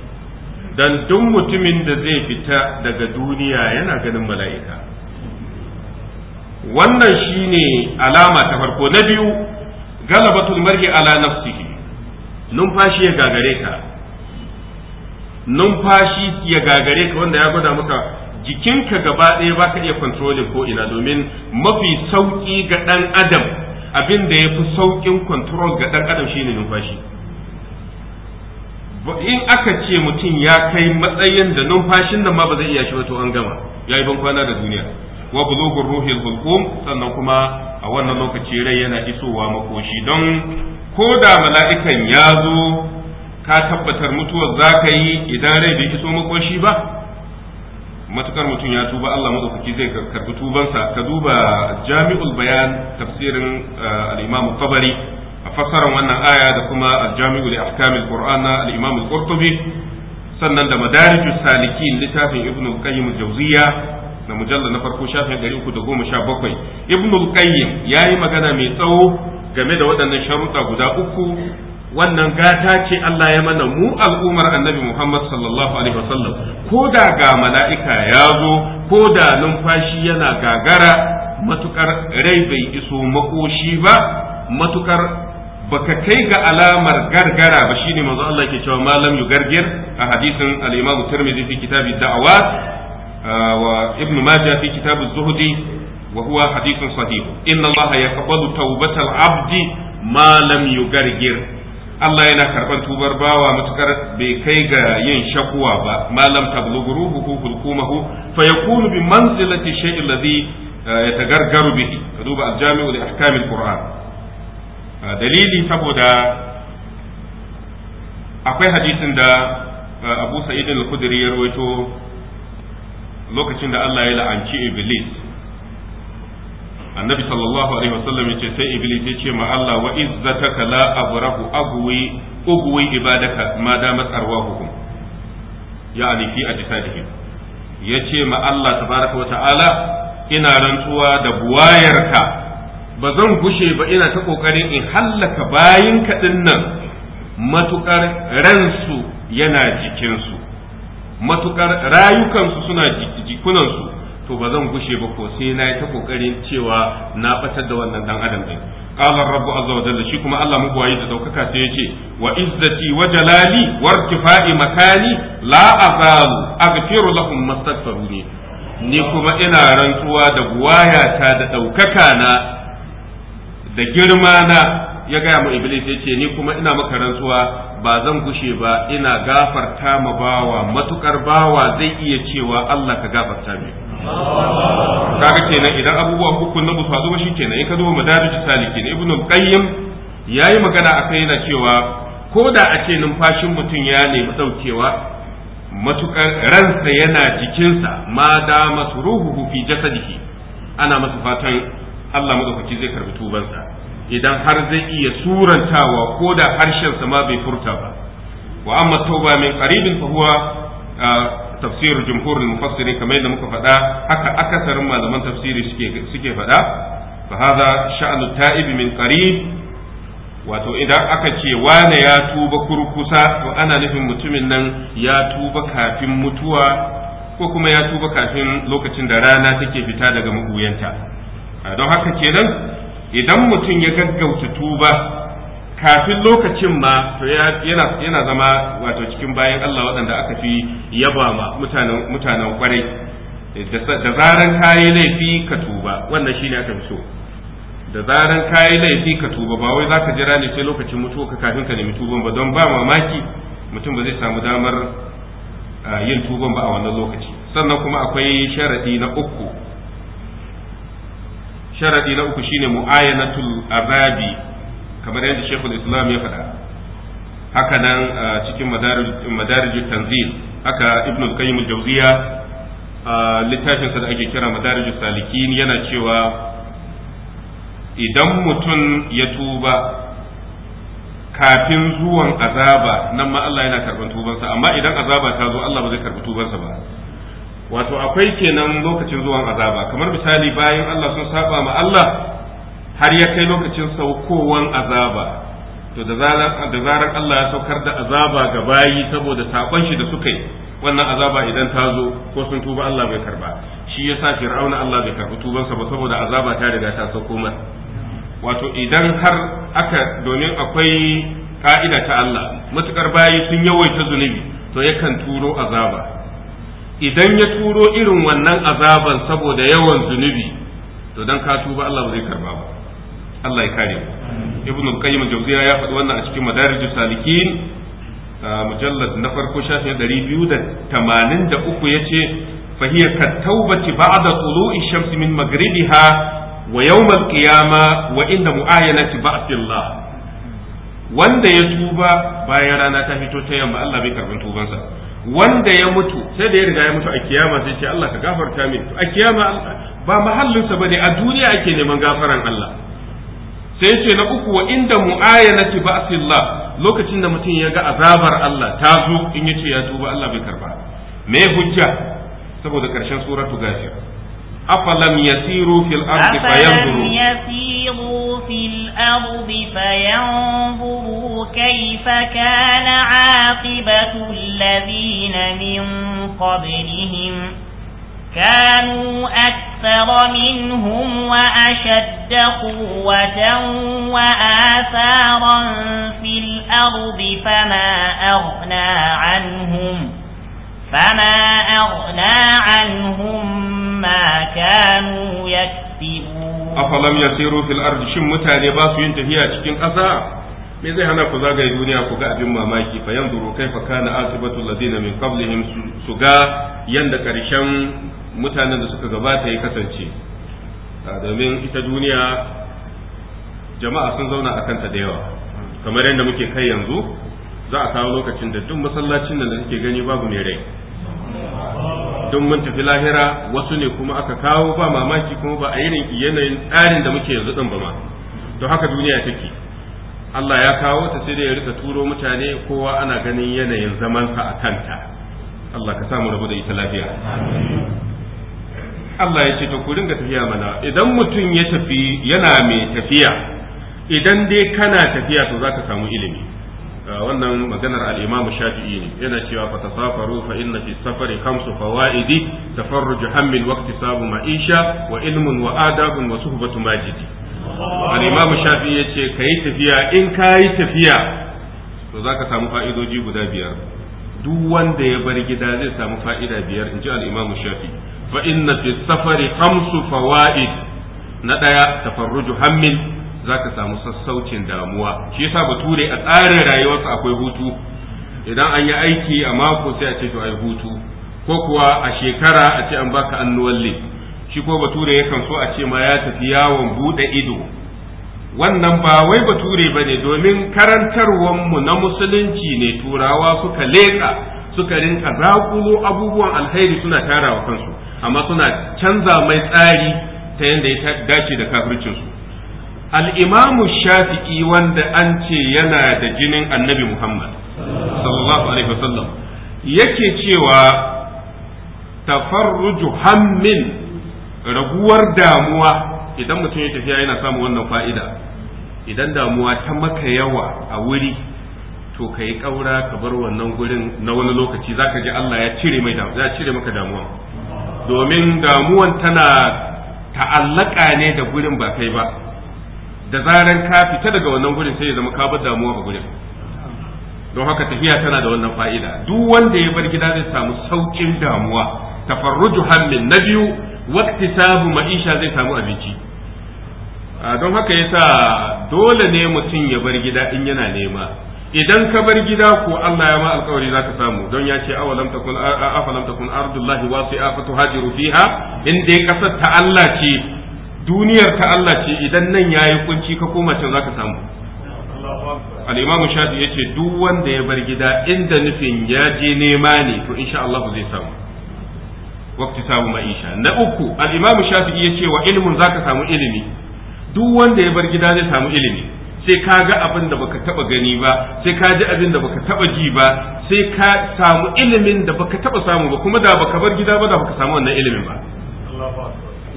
dan duk mutumin da zai fita daga duniya yana ganin mala'ika wannan shine alama ta farko na biyu galabatul marhi ala nafsihi numfashi ya gagare ka numfashi ya gagare ka wanda ya gwada maka jikinka gaba ɗaya ba ka iya kontrolin ko ina domin mafi sauƙi ga ɗan adam abin da ya fi sauƙin kontrol ga ɗan adam shine numfashi in aka ce mutum ya kai matsayin da numfashin nan ma ba zai iya shi an gama ya yi bankwana da duniya wa bulugur Ruhin hulqum sannan kuma a wannan lokaci rai yana isowa makoshi don ko da mala'ikan ya zo ka tabbatar mutuwar za ka yi idan rai bai iso makoshi ba matukar mutum ya tuba Allah madaukaki zai karbi tubansa ka duba jami'ul bayan tafsirin eh, al-imam a fassarar wannan aya da kuma al-jami'u li qur'an na al-imam qurtubi sannan da madarijus salikin littafin ibn al-qayyim al-jawziyya da mujallar na farko shafin 317 ibn al-qayyim yayi magana mai tsawo game da waɗannan sharuɗa guda uku wannan gata ce Allah ya mana mu al'ummar annabi Muhammad sallallahu alaihi wasallam ko da ga mala'ika ya zo ko da numfashi yana gagara matukar rai bai iso makoshi ba matukar baka kai ga alamar gargara ba shine manzo Allah ke cewa malam yu gargir a hadisin al-Imam Tirmidhi fi kitab ad wa Ibn Majah fi kitab az-Zuhdi wa huwa hadithun sahih inna Allah yaqbalu tawbatal 'abdi ma lam yugargir Allah yana karɓar tubar bawa matukar bai kai ga yin shakuwa ba malam tablughu ruhuhu hulqumahu fa yakunu bi manzilati shay'in ladhi eh, yatagargaru bihi ka duba al-jami'u li ahkam al ah, dalili saboda akwai hadisin da eh, Abu Sa'id al-Khudri ya rawaito lokacin da Allah ya la'anci Iblis annabi sallallahu alaihi wasallam yace sai iblis ya ce ma Allah wa izzataka la abrahu agwi ugwi ibadaka ma damat arwahukum yani fi ajsadihim yace ma Allah tabaraka wa ta'ala ina rantsuwa da buwayarka ba zan gushe ba ina ta kokarin in hallaka bayin ka nan matukar ransu yana jikinsu matukar rayukansu suna jikunansu to ba zan gushe ba ko sai na yi ta kokarin cewa na batar da wannan dan adam din qala rabbu azza wa jalla shi kuma Allah muku wayi da daukaka sai yace wa izzati wa jalali wa irtifai makani la azalu aghfiru lahum ne. ni kuma ina rantsuwa da ta da ɗaukaka na da girma na ya gaya ma iblis ya ce ni kuma ina maka rantsuwa ba zan gushe ba ina gafarta ma bawa matukar bawa zai iya cewa Allah ka gafarta mai kaga kenan idan abubuwa hukun na musu haɗu shi kenan in ka duba madarij saliki ne ibnu qayyim yayi magana akai yana cewa ko da a ce numfashin mutum ya nemi daukewa matukar ransa yana jikinsa ma da masruhu fi jasadihi ana masa fatan Allah madaukaki zai karbi tubansa idan har zai iya surantawa ko da harshensa ma bai furta ba wa amma tauba min qaribin fa huwa ah, tafsirin jumhurul mufassirin kamar yadda muka faɗa haka akasarin malaman tafsiri suke faɗa fa hadha sha'nu ta'ibi wato idan aka ce wane ya tuba kurkusa to ana nufin mutumin nan ya tuba kafin mutuwa ko kuma ya tuba kafin lokacin da rana take fita daga mabuyanta don haka kenan idan mutum ya gaggauta tuba kafin lokacin ma to yana yana zama wato cikin bayan Allah waɗanda aka fi yaba ma mutanen mutanen kwarai eh, da zaran kayi laifi ka tuba wannan shine aka fi so da zaran kayi laifi ka tuba ba wai zaka jira ne sai lokacin mutuwa ka kafin ka nemi tuban ba don ba mamaki mutum ba zai samu damar ah, yin tuban ba a wannan lokaci sannan kuma akwai sharadi na uku sharadi na uku shine mu'ayanatul ababi kamar yadda shekul islam ya faɗa haka nan cikin madarij tanzil haka ibn al-qayyim al-jawziya littafinsa da ake kira madarij salikin yana cewa idan mutum ya tuba kafin zuwan azaba nan ma Allah yana karban tubansa amma idan azaba ta zo Allah ba zai karbi tubansa ba wato akwai kenan lokacin zuwan azaba kamar misali bayan Allah sun saba ma Allah har ya kai lokacin saukowan azaba to da zarar Allah ya saukar da azaba ga bayi saboda saban shi da suka yi wannan azaba idan ta zo ko sun tuba Allah bai karba shi yasa fir'auna Allah bai karbi tubansa ba saboda azaba ta riga ta sauko masa wato idan har aka domin akwai ka'ida ta Allah matukar bayi sun yawaita zunubi to yakan turo azaba idan ya turo irin wannan azaban saboda yawan zunubi to dan ka tuba Allah ba zai karba ba Allah ya kare ibn al-qayyim jawziya ya faɗi wannan a cikin madarijus salikin mujallad na farko shafin 283 yace fahiya kat tawbati ba'da tulu'i shamsi min maghribiha wa yawm al-qiyama wa inda mu'ayanati ba'thillah wanda ya tuba bayan rana ta fito ta yamma Allah bai karban tubansa wanda ya mutu sai da ya riga ya mutu a kiyama sai ce Allah ka gafarta min a kiyama ba mahallinsa bane a duniya ake neman gafaran Allah sai ce na uku wa inda mu'ayanati ba'sillah lokacin da mutum ya ga azabar Allah ta zo in ce ya tuba Allah bai karba me hujja saboda karshen suratu gafir afalam yasiru fil ardi fayanzuru yasiru fil ardi fayanzuru kayfa kana aqibatu alladhina min qablihim كانوا أكثر منهم وأشد قوة وآثارا في الأرض فما أغنى عنهم فما أغنى عنهم ما كانوا يكسبون أفلم يسيروا في الأرض شم متاني باسو ينتهي أشكين أسا me zai hana ku zagaye duniya ku ga abin mamaki fa yanzuru kaifa kana asibatu alladhina min qablihim su ga yanda karshen mutanen da suka gabata ya kasance ah, domin ita duniya jama'a sun zauna a kanta da yawa kamar yadda muke kai yanzu za a kawo lokacin da duk masallacin da suke gani babu mai rai duk mun tafi lahira wasu ne kuma aka kawo ba mamaki kuma ba a irin yanayin tsarin da muke yanzu din ba ma to haka duniya take Allah ya kawo ta sai da ya rika turo mutane kowa ana ganin yanayin zamansa a kanta Allah ka samu rabu da ita lafiya Allah ya ce to ku dinga tafiya mana idan mutum ya tafi yana mai tafiya idan dai kana tafiya to zaka samu ilimi ah, wannan maganar al-Imam Shafi'i ne yana cewa fa tasafaru fa inna fi safari khamsu fawaidi tafarruju hammin wa sabu ma'isha wa ilmun wa adabun wa suhbatu majidi al-Imam Shafi'i yace kai tafiya in kai tafiya to zaka samu fa'idoji guda biyar duk wanda ya bar gida zai samu fa'ida biyar in ji al-Imam Shafi'i fa inna fi safari khamsu fawaid na daya tafarruju hammin zaka samu sassaucin damuwa shi yasa bature a tsarin rayuwarsa akwai hutu idan an yi aiki a mako sai a ce to ai hutu ko kuwa a shekara a ce an baka annuwalle shi ko bature yakan so a ce ma ya tafi yawon bude ido wannan ba wai bature ba ne domin mu na musulunci ne turawa suka leƙa suka rinka zaƙulo abubuwan alheri suna tarawa kansu amma suna canza mai tsari ta yadda ya dace da kafircinsu al'imamu shafi'i wanda an ce yana da jinin annabi muhammad sallallahu alaihi wasallam yake cewa tafarruju hammin raguwar damuwa idan mutum ya tafiya yana samun wannan fa'ida idan damuwa ta maka yawa a wuri to ka yi ƙaura ka bar wannan gurin na wani lokaci za ka ji Allah ya cire maka damuwa domin damuwan tana ta'allaka ne da gurin ba kai ba da zaran ka fita daga wannan gurin sai ya zama ka bar damuwa a gurin don haka tafiya tana da wannan fa'ida duk wanda ya bar gida zai samu saukin damuwa tafarruju hammin na biyu sabu ma'isha zai samu abinci don haka yasa dole ne mutum ya bar gida in yana nema idan ka bar gida ko Allah ya ma alƙawari za ka samu don ya ce awalam takun afalam takun ardullahi wasi'a hajiru fiha in ya kasar ta Allah ce duniyar ta Allah ce idan nan ya yi kunci ka koma can ka samu al-imamu shafi yace duk wanda ya bar gida inda nufin ya je nema ne to insha Allah zai samu waqti samu ma'isha na uku al-imamu shafi ce wa za ka samu ilimi duk wanda ya bar gida zai samu ilimi sai ka ga abin da baka taba gani ba sai ka ji abin da baka taba ji ba sai ka samu ilimin da baka taba samu ba kuma da baka bar gida ba da baka samu wannan ilimin ba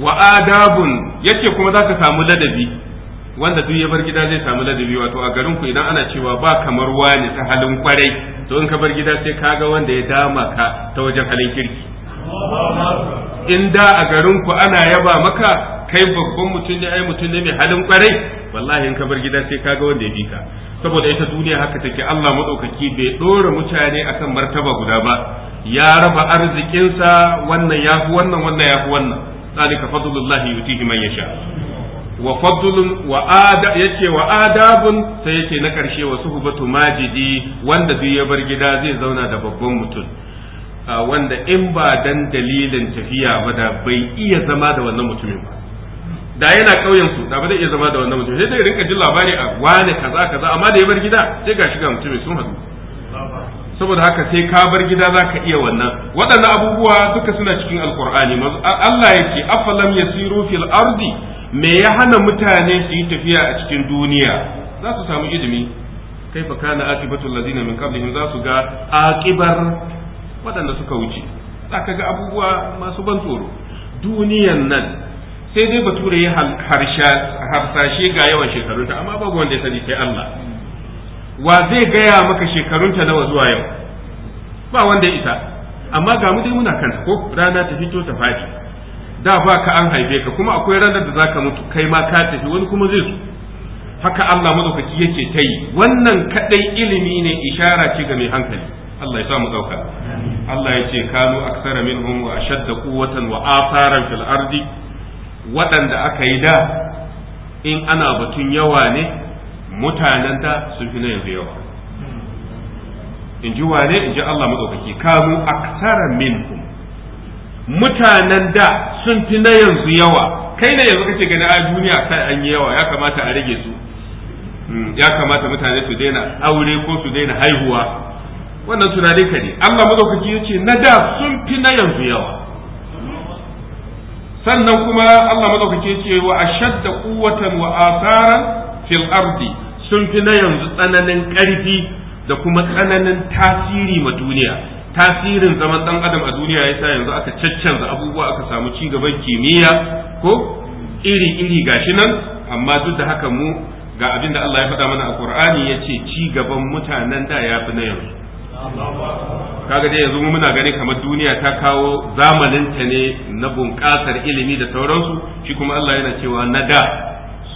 wa adabun yake kuma zaka samu ladabi wanda duk ya bar gida zai samu ladabi wato a garin ku idan ana cewa ba kamar wani ta halin kwarai to in ka bar gida sai ka ga wanda ya dama ka ta wajen halin kirki in da a garin ku ana yaba maka kai babban mutum ne ai mutum ne mai halin kwarai wallahi in ka bar gida sai kaga wanda ya bi ka saboda ita duniya haka take Allah madaukaki bai dora mutane akan martaba guda ba ya raba arzikinsa wannan ya fi wannan wannan ya fi wannan zalika fadlullahi yutihi man yasha wa fadlun wa ada yace wa adabun sai yace na karshe wa suhbatu majidi wanda duk ya bar gida zai zauna da babban mutum wanda in ba dan dalilin tafiya ba da bai iya zama da wannan mutumin ba da yana kauyen su da ba zai iya zama da wannan mutumin sai dai rinka jin labari a wani kaza kaza amma da ya bar gida sai ga shiga mutumin sun haɗu saboda haka sai ka bar gida zaka iya wannan waɗannan abubuwa duka suna cikin alkur'ani Allah yake afalam yasiru fil ardi me ya hana mutane su yi tafiya a cikin duniya za su samu ilimi kaifa kana aqibatul ladina min qablihim za su ga akibar waɗanda suka wuce aka ga abubuwa masu ban tsoro duniyan nan sai dai bature ya harsashe ga yawan shekarunta amma babu wanda ya sani sai Allah wa zai gaya maka shekarunta nawa zuwa yau ba wanda ya isa amma ga mu dai muna kanta ko rana ta fito ta faɗi da ba ka an haife ka kuma akwai ranar da zaka mutu kai ma ka tafi wani kuma zai zo haka Allah madaukaki yake ta yi wannan kadai ilimi ne ishara ce ga mai hankali Allah ya sa mu dauka Allah ya ce kanu aksara minhum wa ashadda quwwatan wa atharan fil ardi waɗanda aka yi da in ana batun yawa ne mutanen da sun fi na yanzu yawa in ji wane in ji Allah madaukaki kanu aksara minhum mutanen da sun fi na yanzu yawa kai ne yanzu kake gani a duniya kai an yi yawa ya kamata a rage su hmm, ya kamata mutane su daina aure ko su daina haihuwa wannan tunanin ka ne Allah madaukaki yace na da sun fi na yanzu yawa sannan kuma Allah madaukaki yace wa ashadda quwwatan wa atharan fil ardi sun fi na yanzu tsananin karfi da kuma tsananin tasiri ma duniya tasirin zaman dan adam a duniya yasa yanzu aka caccanza abubuwa aka samu ci gaban kimiyya ko iri iri gashi nan amma duk da haka mu ga abin da Allah ya faɗa mana a Qur'ani yace ci gaban mutanen da yafi na yanzu kaga dai yanzu muna gani kamar duniya ta kawo zamanin ta ne na bunƙasar ilimi da sauransu shi kuma Allah yana cewa na da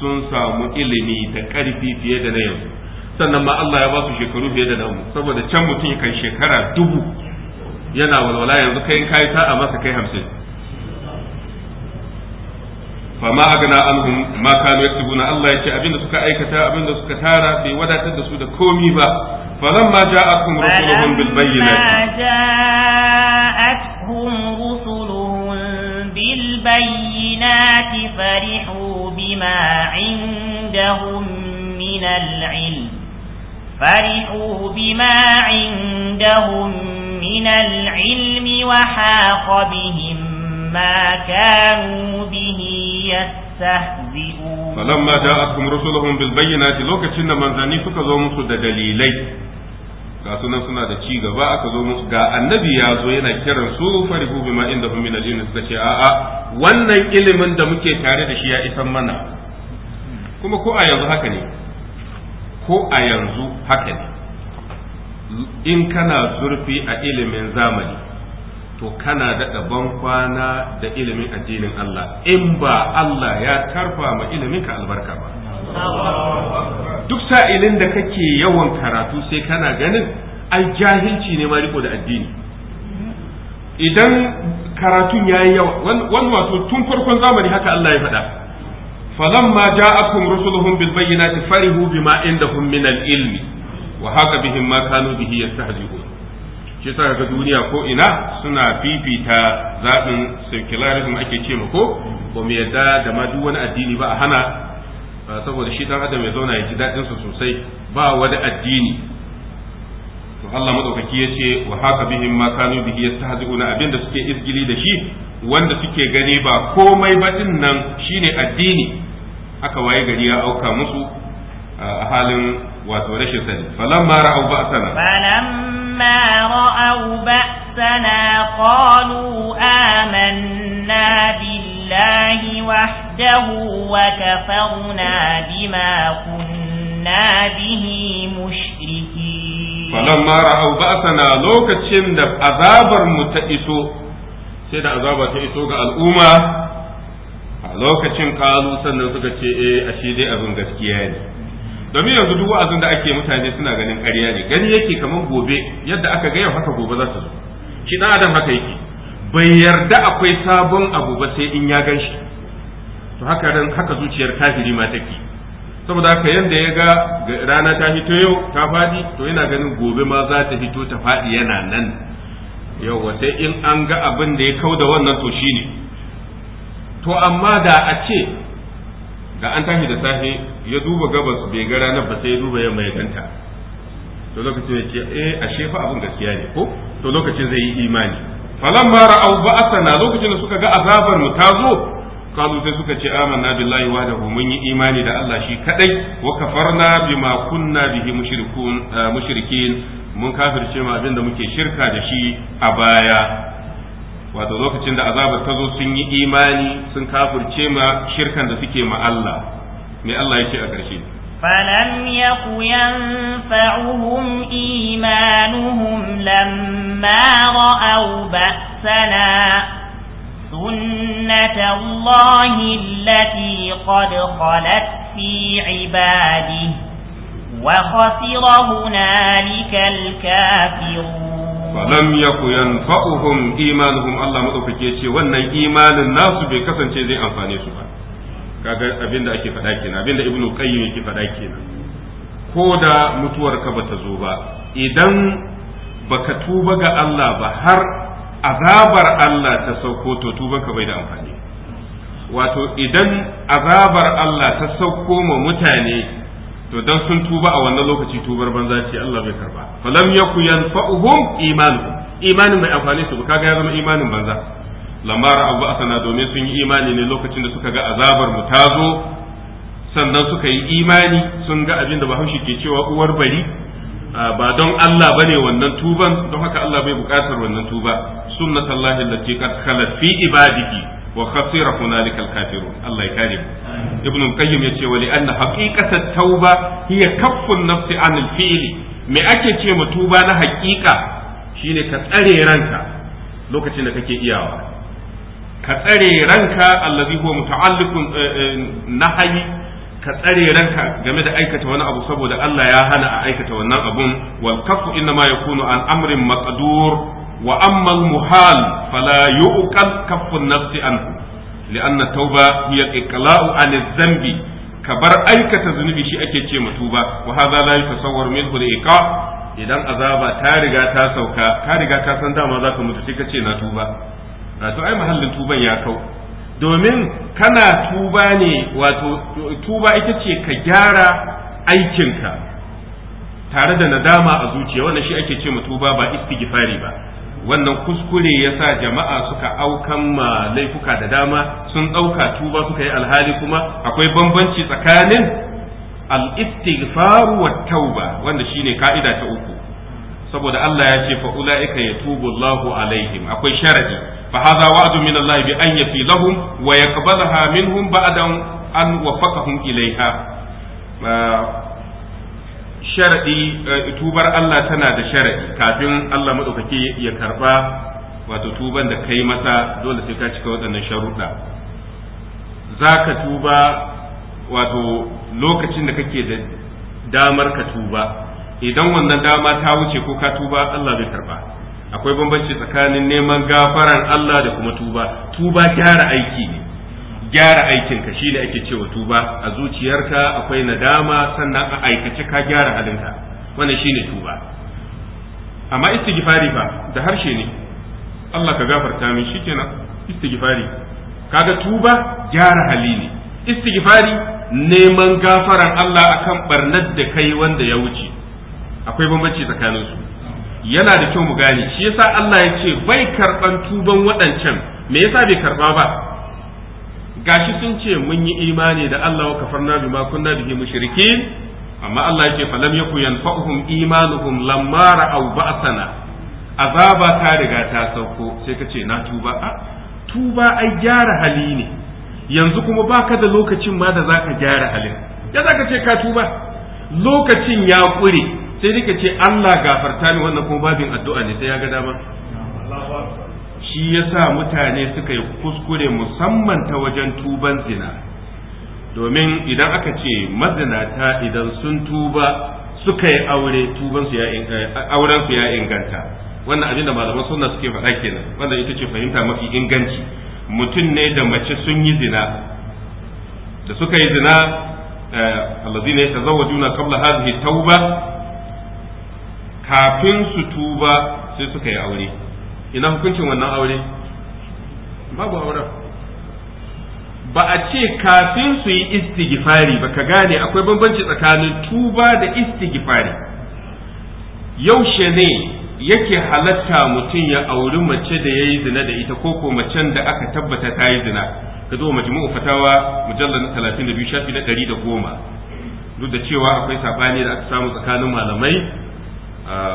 sun samu ilimi da ƙarfi fiye da na yanzu sannan ma Allah ya ba su shekaru fiye da na mu saboda can mutum kan shekara dubu yana walwala yanzu kai kai sa'a masa kai hamsin fama agna anhum ma kanu yaktubuna Allah ya ce abinda suka aikata abinda suka tara bai wadatar da su da komi ba فلما جاءتهم رسلهم بالبينات فلما جاءتهم رسلهم بالبينات فرحوا بما عندهم من العلم فرحوا بما عندهم من العلم وحاق بهم ما كانوا به يستهزئون yastahzi'u falamma ja'atkum rusuluhum bil bayyinati lokacin da manzanni suka zo musu da dalilai ga suna da ci gaba aka zo musu ga annabi ya zo yana kiran su farihu bima inda hum min suka ce a'a wannan ilimin da muke tare da shi ya isan mana kuma ko a yanzu haka ko a yanzu haka ne in kana zurfi a ilimin zamani to kana daɗa ban kwana da ilimin addinin Allah in ba Allah ya tarfa ma ilimin ka albarka ba duk sa'ilin da kake yawan karatu sai kana ganin ai jahilci ne ma riko da addini idan karatun yayi yawa wani wato tun farkon zamani haka Allah ya faɗa falamma ja'akum rusuluhum bil bayyinati farihu bima indahum min al ilmi wa haka bihim ma kanu bihi shi sa ga duniya ko ina suna fifita zaɓin secularism ake ce ko ba mu yarda da ma duk wani addini ba a hana saboda shi dan adam ya zauna ya ji daɗinsa sosai ba wani addini to Allah madaukaki ya ce wa haka bihim ma kanu bihi yastahzi'una abinda suke izgili da shi wanda suke gani ba komai ba din nan shine addini aka waye gari ya auka musu a halin wato rashin sani falamma ra'au ba'sana فلما رأوا بأسنا قالوا آمنا بالله وحده وكفرنا بما كنا به مشركين فلما رأوا بأسنا لوكتشن دب أذابر متئسو سيد أذابر تئسو الأمة a lokacin kalu sannan suka ce eh ashe dai abin gaskiya ne domin yanzu duk wa'azin da ake mutane suna ganin ƙarya ne gani yake kamar gobe yadda aka ga yau haka gobe za ta zo shi dan adam haka yake bai yarda akwai sabon abu ba sai in ya gan shi to haka ran haka zuciyar kafiri ma take saboda haka yanda ya ga rana ta fito yau ta faɗi to yana ganin gobe ma za ta fito ta faɗi yana nan yau sai in an ga abin da ya kau da wannan to shine to amma da a ce ga an tashi da safe ya duba gabas bai ga ranar ba sai ya duba yamma ya ganta to lokacin ya ce eh ashe fa abin gaskiya ne ko to lokacin zai yi imani falamma ra'aw ba'athana lokacin da suka ga azabar mu ta zo kalu sai suka ce amanna billahi dahu. mun yi imani da Allah shi kadai wa kafarna bima kunna bihi mushrikun eh, mushrikin mun kafirce ma abinda muke shirka da shi a baya wato lokacin da azabar ta zo sun yi imani sun kafirce ma shirkan da suke ma Allah me Allah yake a ƙarshe فلم يك ينفعهم إيمانهم لما رأوا بأسنا سنة الله التي قد خلت في عباده وخسر هنالك الكافرون falam yaku yanfa'uhum imanuhum Allah madaukake ce wannan imanin nasu bai kasance zai amfane su ba kaga abin da ake faɗa kenan abin da ibnu qayyim yake faɗa kenan ko da mutuwar ka bata zo ba idan baka tuba ga Allah ba har azabar Allah ta sauko to tuban ka bai da amfani wato idan azabar Allah ta sauko ma mutane to dan sun tuba a wannan lokaci tubar banza ce Allah bai karba falam yakun yanfa'uhum imanuhum imanin mai amfani su ba kaga ya zama imanin banza lamara abu asana domin sun yi imani ne lokacin da suka ga azabar mu ta zo sannan suka yi imani sun ga abin da bahaushe ke cewa uwar bari ba don Allah bane wannan tuban don haka Allah bai bukatar wannan tuba sunnatullahi allati qad khalat fi ibadihi wa khasira hunalika alkafirun Allah ya kare mu ibn qayyim yace wa li anna haqiqatat tauba hiya kaffu nafsi an al-fi'li me ake ce ma tuba na haqiqa shine ka tsare ranka lokacin da kake iyawa ka tsare ranka allazi huwa muta'alliqun eh, eh, nahayi. ka tsare ranka game da aikata wani abu saboda Allah ya hana a aikata wannan abun wal kafu innama yakunu an amrin maqdur wa amma al muhal fala yuqal kaffu nafsi anhu لأن التوبة هي الإقلاع عن الذنب كبر أيكة ذنبي شيء أكيد شيء متوبة وهذا لا يتصور منه الإيقاع idan azaba ta riga ta sauka ka riga ka san dama za ka mutu sai ka ce na tuba Wato ai mahallin tuban ya kau domin kana tuba ne wato tuba ita ce ka gyara aikinka tare da nadama a zuciya wannan shi ake ce tuba ba istighfari ba wannan kuskure ya sa jama'a suka aukan ma laifuka da dama sun ɗauka tuba suka yi alhali kuma akwai bambanci tsakanin al-istighfar wa tauba wanda shine ka'ida ta uku saboda Allah ya ce fa ulaika yatubu Allahu alaihim akwai sharadi fa hadha wa'dun min Allah bi an yafi lahum wa yaqbalaha minhum ba'da an waffaqahum ilaiha sharadi tubar Allah tana da shara'i kafin Allah madaukaki ya karba wato tuban da kai masa dole sai ka cika waɗannan sharuɗa zaka tuba lokacin da kake da damar ka tuba idan wannan dama ta wuce ko ka tuba Allah zai karba akwai bambanci tsakanin neman gafaran Allah da kuma tuba tuba gyara aiki ne gyara aikinka shine ake cewa tuba a zuciyarka akwai nadama sannan a aikace ka gyara halinka wannan shine tuba amma istighfari fa da harshe ne Allah ka gafarta min shikenan istighfari kaga tuba gyara hali ne istighfari neman gafaran Allah akan barnar da kai wanda ya wuce akwai bambanci tsakaninsu yana da kyau mu gane shi yasa Allah ya ce bai karban tuban waɗancan me yasa bai karba ba gashi sun ce mun yi imani da Allah wa kafarna ma kunna bihi mushrikin amma Allah yake falam yakun yanfa'uhum imanuhum lamma ra'aw ba'sana azaba ta riga ta sauko sai ka ce na tuba a tuba ai gyara hali ne yanzu kuma baka da lokacin ma da zaka gyara halin ya zaka ce ka tuba lokacin ya kure sai dika ce Allah gafarta ni wannan kuma babin addu'a ne sai ya ga dama shi yasa mutane suka yi kuskure musamman ta wajen tuban zina domin idan aka ce mazinata idan sun tuba suka yi aure tuban su ya eh, auren inganta wannan abin da malaman sunna suke faɗa kenan wannan ita ce fahimta mafi inganci mutum ne da mace sun yi zina da suka yi zina eh, allazina yatazawwajuna qabla hadhihi tauba kafin su tuba sai suka yi aure ina hukuncin wannan aure babu aure. ba a ce kafin su yi istighfari ba ka gane akwai bambanci tsakanin tuba da istighfari yaushe ne yake halatta mutum ya auri mace da ya yi zina da ita ko ko macen da aka tabbata ta yi zina ka zo majmu'u fatawa mujallar na talatin da biyu shafi na ɗari da goma duk da cewa akwai saɓani da aka samu tsakanin malamai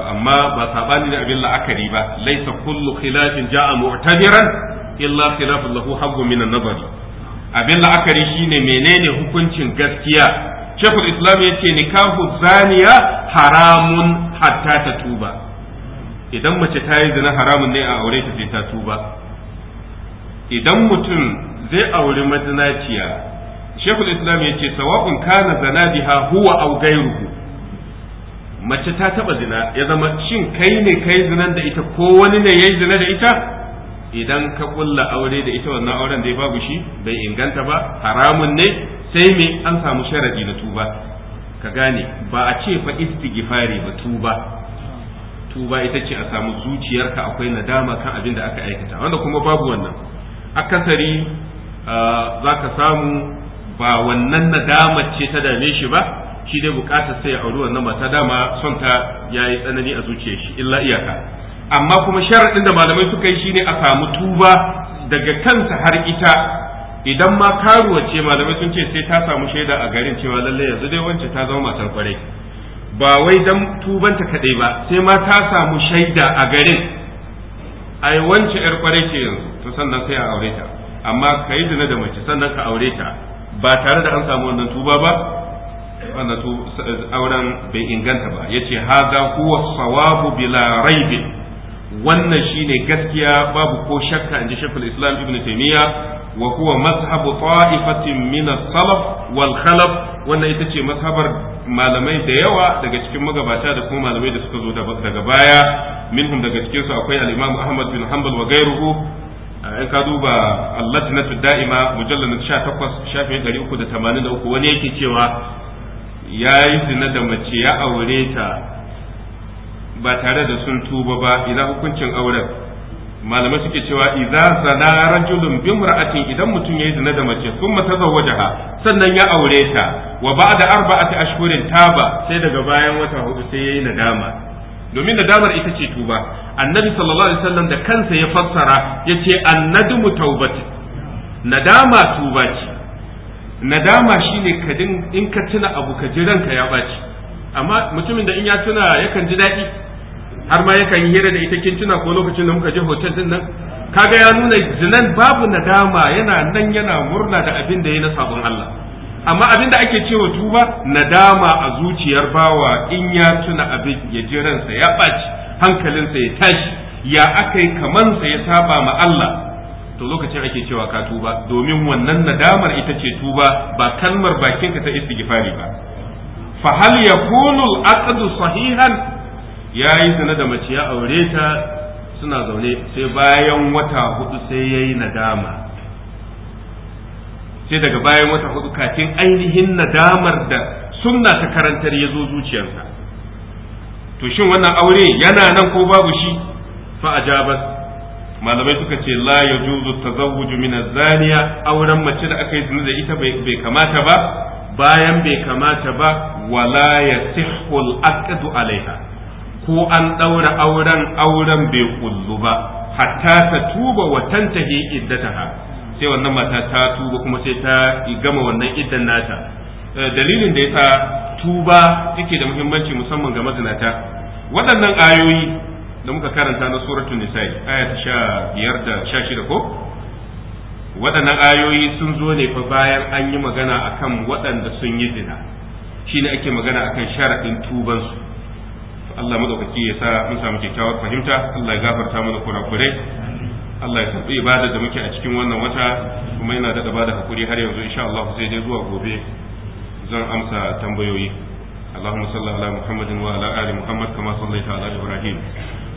amma ba sabani da abin la'akari ba laisa kullu khilafin ja'a mu'tabiran illa khilafun lahu haqqun min an-nazari abin la'akari shine menene hukuncin gaskiya shekul islam ya ce nikahu zaniya haramun hatta ta tuba idan mace ta yi zina haramun ne a aure ta sai ta tuba idan mutum zai auri majinaciya, shekul islam ya ce sawa'un kana zana biha huwa aw gairuhu mace ta taba zina ya zama shin kai ne kai zinan da ita ko wani ne yayi zina da ita idan ka kulla aure da ita wannan auren dai babu shi bai inganta ba haramun ne sai me an samu sharadi na tuba ka gane ba a ce fa istighfari ba tuba tuba ita ce a samu zuciyarka akwai nadama kan abin da aka aikata wanda kuma babu wannan akasari ah, za ka samu ba wannan nadama ce ta dame shi ba shi dai bukatar sai ya auri wannan mata dama son ta yayi tsanani a zuciyar shi illa iyaka amma kuma sharadin da malamai suka yi shine a samu tuba daga kansa har ita idan ma karuwa ce malamai sun ce sai ta samu shaida a garin cewa lallai yanzu dai wance ta zama matar kwarai ba wai dan tubanta kaɗai ba sai ma ta samu shaida a garin ai wance yar kwarai ce yanzu to sannan sai a aure ta amma kai dana da mace sannan ka aure ta ba tare da an samu wannan tuba ba wannan auren bai inganta ba yace haza kuwa sawabu bila raibi wannan shine gaskiya babu ko shakka inji shaykhul islam ibn taimiyya wa huwa mazhabu ta'ifatin min salaf wal khalaf wannan ita ce mazhabar malamai da yawa daga cikin magabata da kuma malamai da suka zo daga baya minhum daga cikin su akwai al-imam ahmad bin hanbal wa ghayruhu in ka duba allajnatu da'ima mujallal 18 shafin 383 wani yake cewa ya yi zina da mace ya aure ta ba tare da sun tuba ba idan hukuncin auren malamai suke cewa idan zana rajulun bi imra'atin idan mutum ya yi zina da mace kuma ha sannan ya aure ta wa ba'da arba'ati ashhurin taba sai daga bayan wata hudu sai ya yi nadama domin nadamar ita ce tuba annabi sallallahu alaihi wasallam da kansa ya fassara yace annadmu taubati nadama tuba ce nadama shine ka din in ka tuna abu ka ji ranka ya baci amma mutumin da in ya tuna yakan ji daɗi har ma yakan yi hira da ita kin tuna ko lokacin da muka je hotel din nan kaga ya nuna jinan babu nadama yana nan yana murna da abin da ya na sabon Allah amma abin da ake cewa tuba nadama a zuciyar bawa in ya tuna abin ya ji ransa ya baci hankalinsa ya tashi ya akai kamansa ya saba ma Allah to lokacin ake cewa ka tuba domin wannan nadamar ita ce tuba ba kalmar bakinka ta istighfari ba fa hal yakunu al sahihan yayi zina da mace ya aure ta suna zaune sai bayan wata hudu sai yayi nadama sai daga bayan wata hudu kafin ainihin nadamar da sunna ta karantar ya zo zuciyarsa to shin wannan aure yana nan ko babu shi fa ajabas malamai suka ce la ya ta tazawwuju min zaniya auren mace da aka yi zina da ita bai kamata ba bayan bai kamata ba wala ya sihul aqdu alaiha ko an ɗaura auren auren bai kullu ba hatta ta tuba wa tantahi iddataha sai wannan mata ta tuba kuma sai ta gama wannan iddan nata eh, dalilin da yasa tuba yake da muhimmanci musamman ga mazinata waɗannan ayoyi da muka karanta na suratul nisa aya ta sha biyar da sha shida ko waɗannan ayoyi sun zo ne fa bayan an yi magana akan waɗanda sun yi zina shine ake magana akan sharaɗin tubansu Allah madaukaki ya sa mun samu kyakkyawar fahimta Allah ya gafarta mana kurakure Allah ya karbi ibada da muke a cikin wannan wata kuma yana da bada hakuri har yanzu insha Allah sai dai zuwa gobe zan amsa tambayoyi اللهم صل على محمد وعلى ال محمد كما صليت على ابراهيم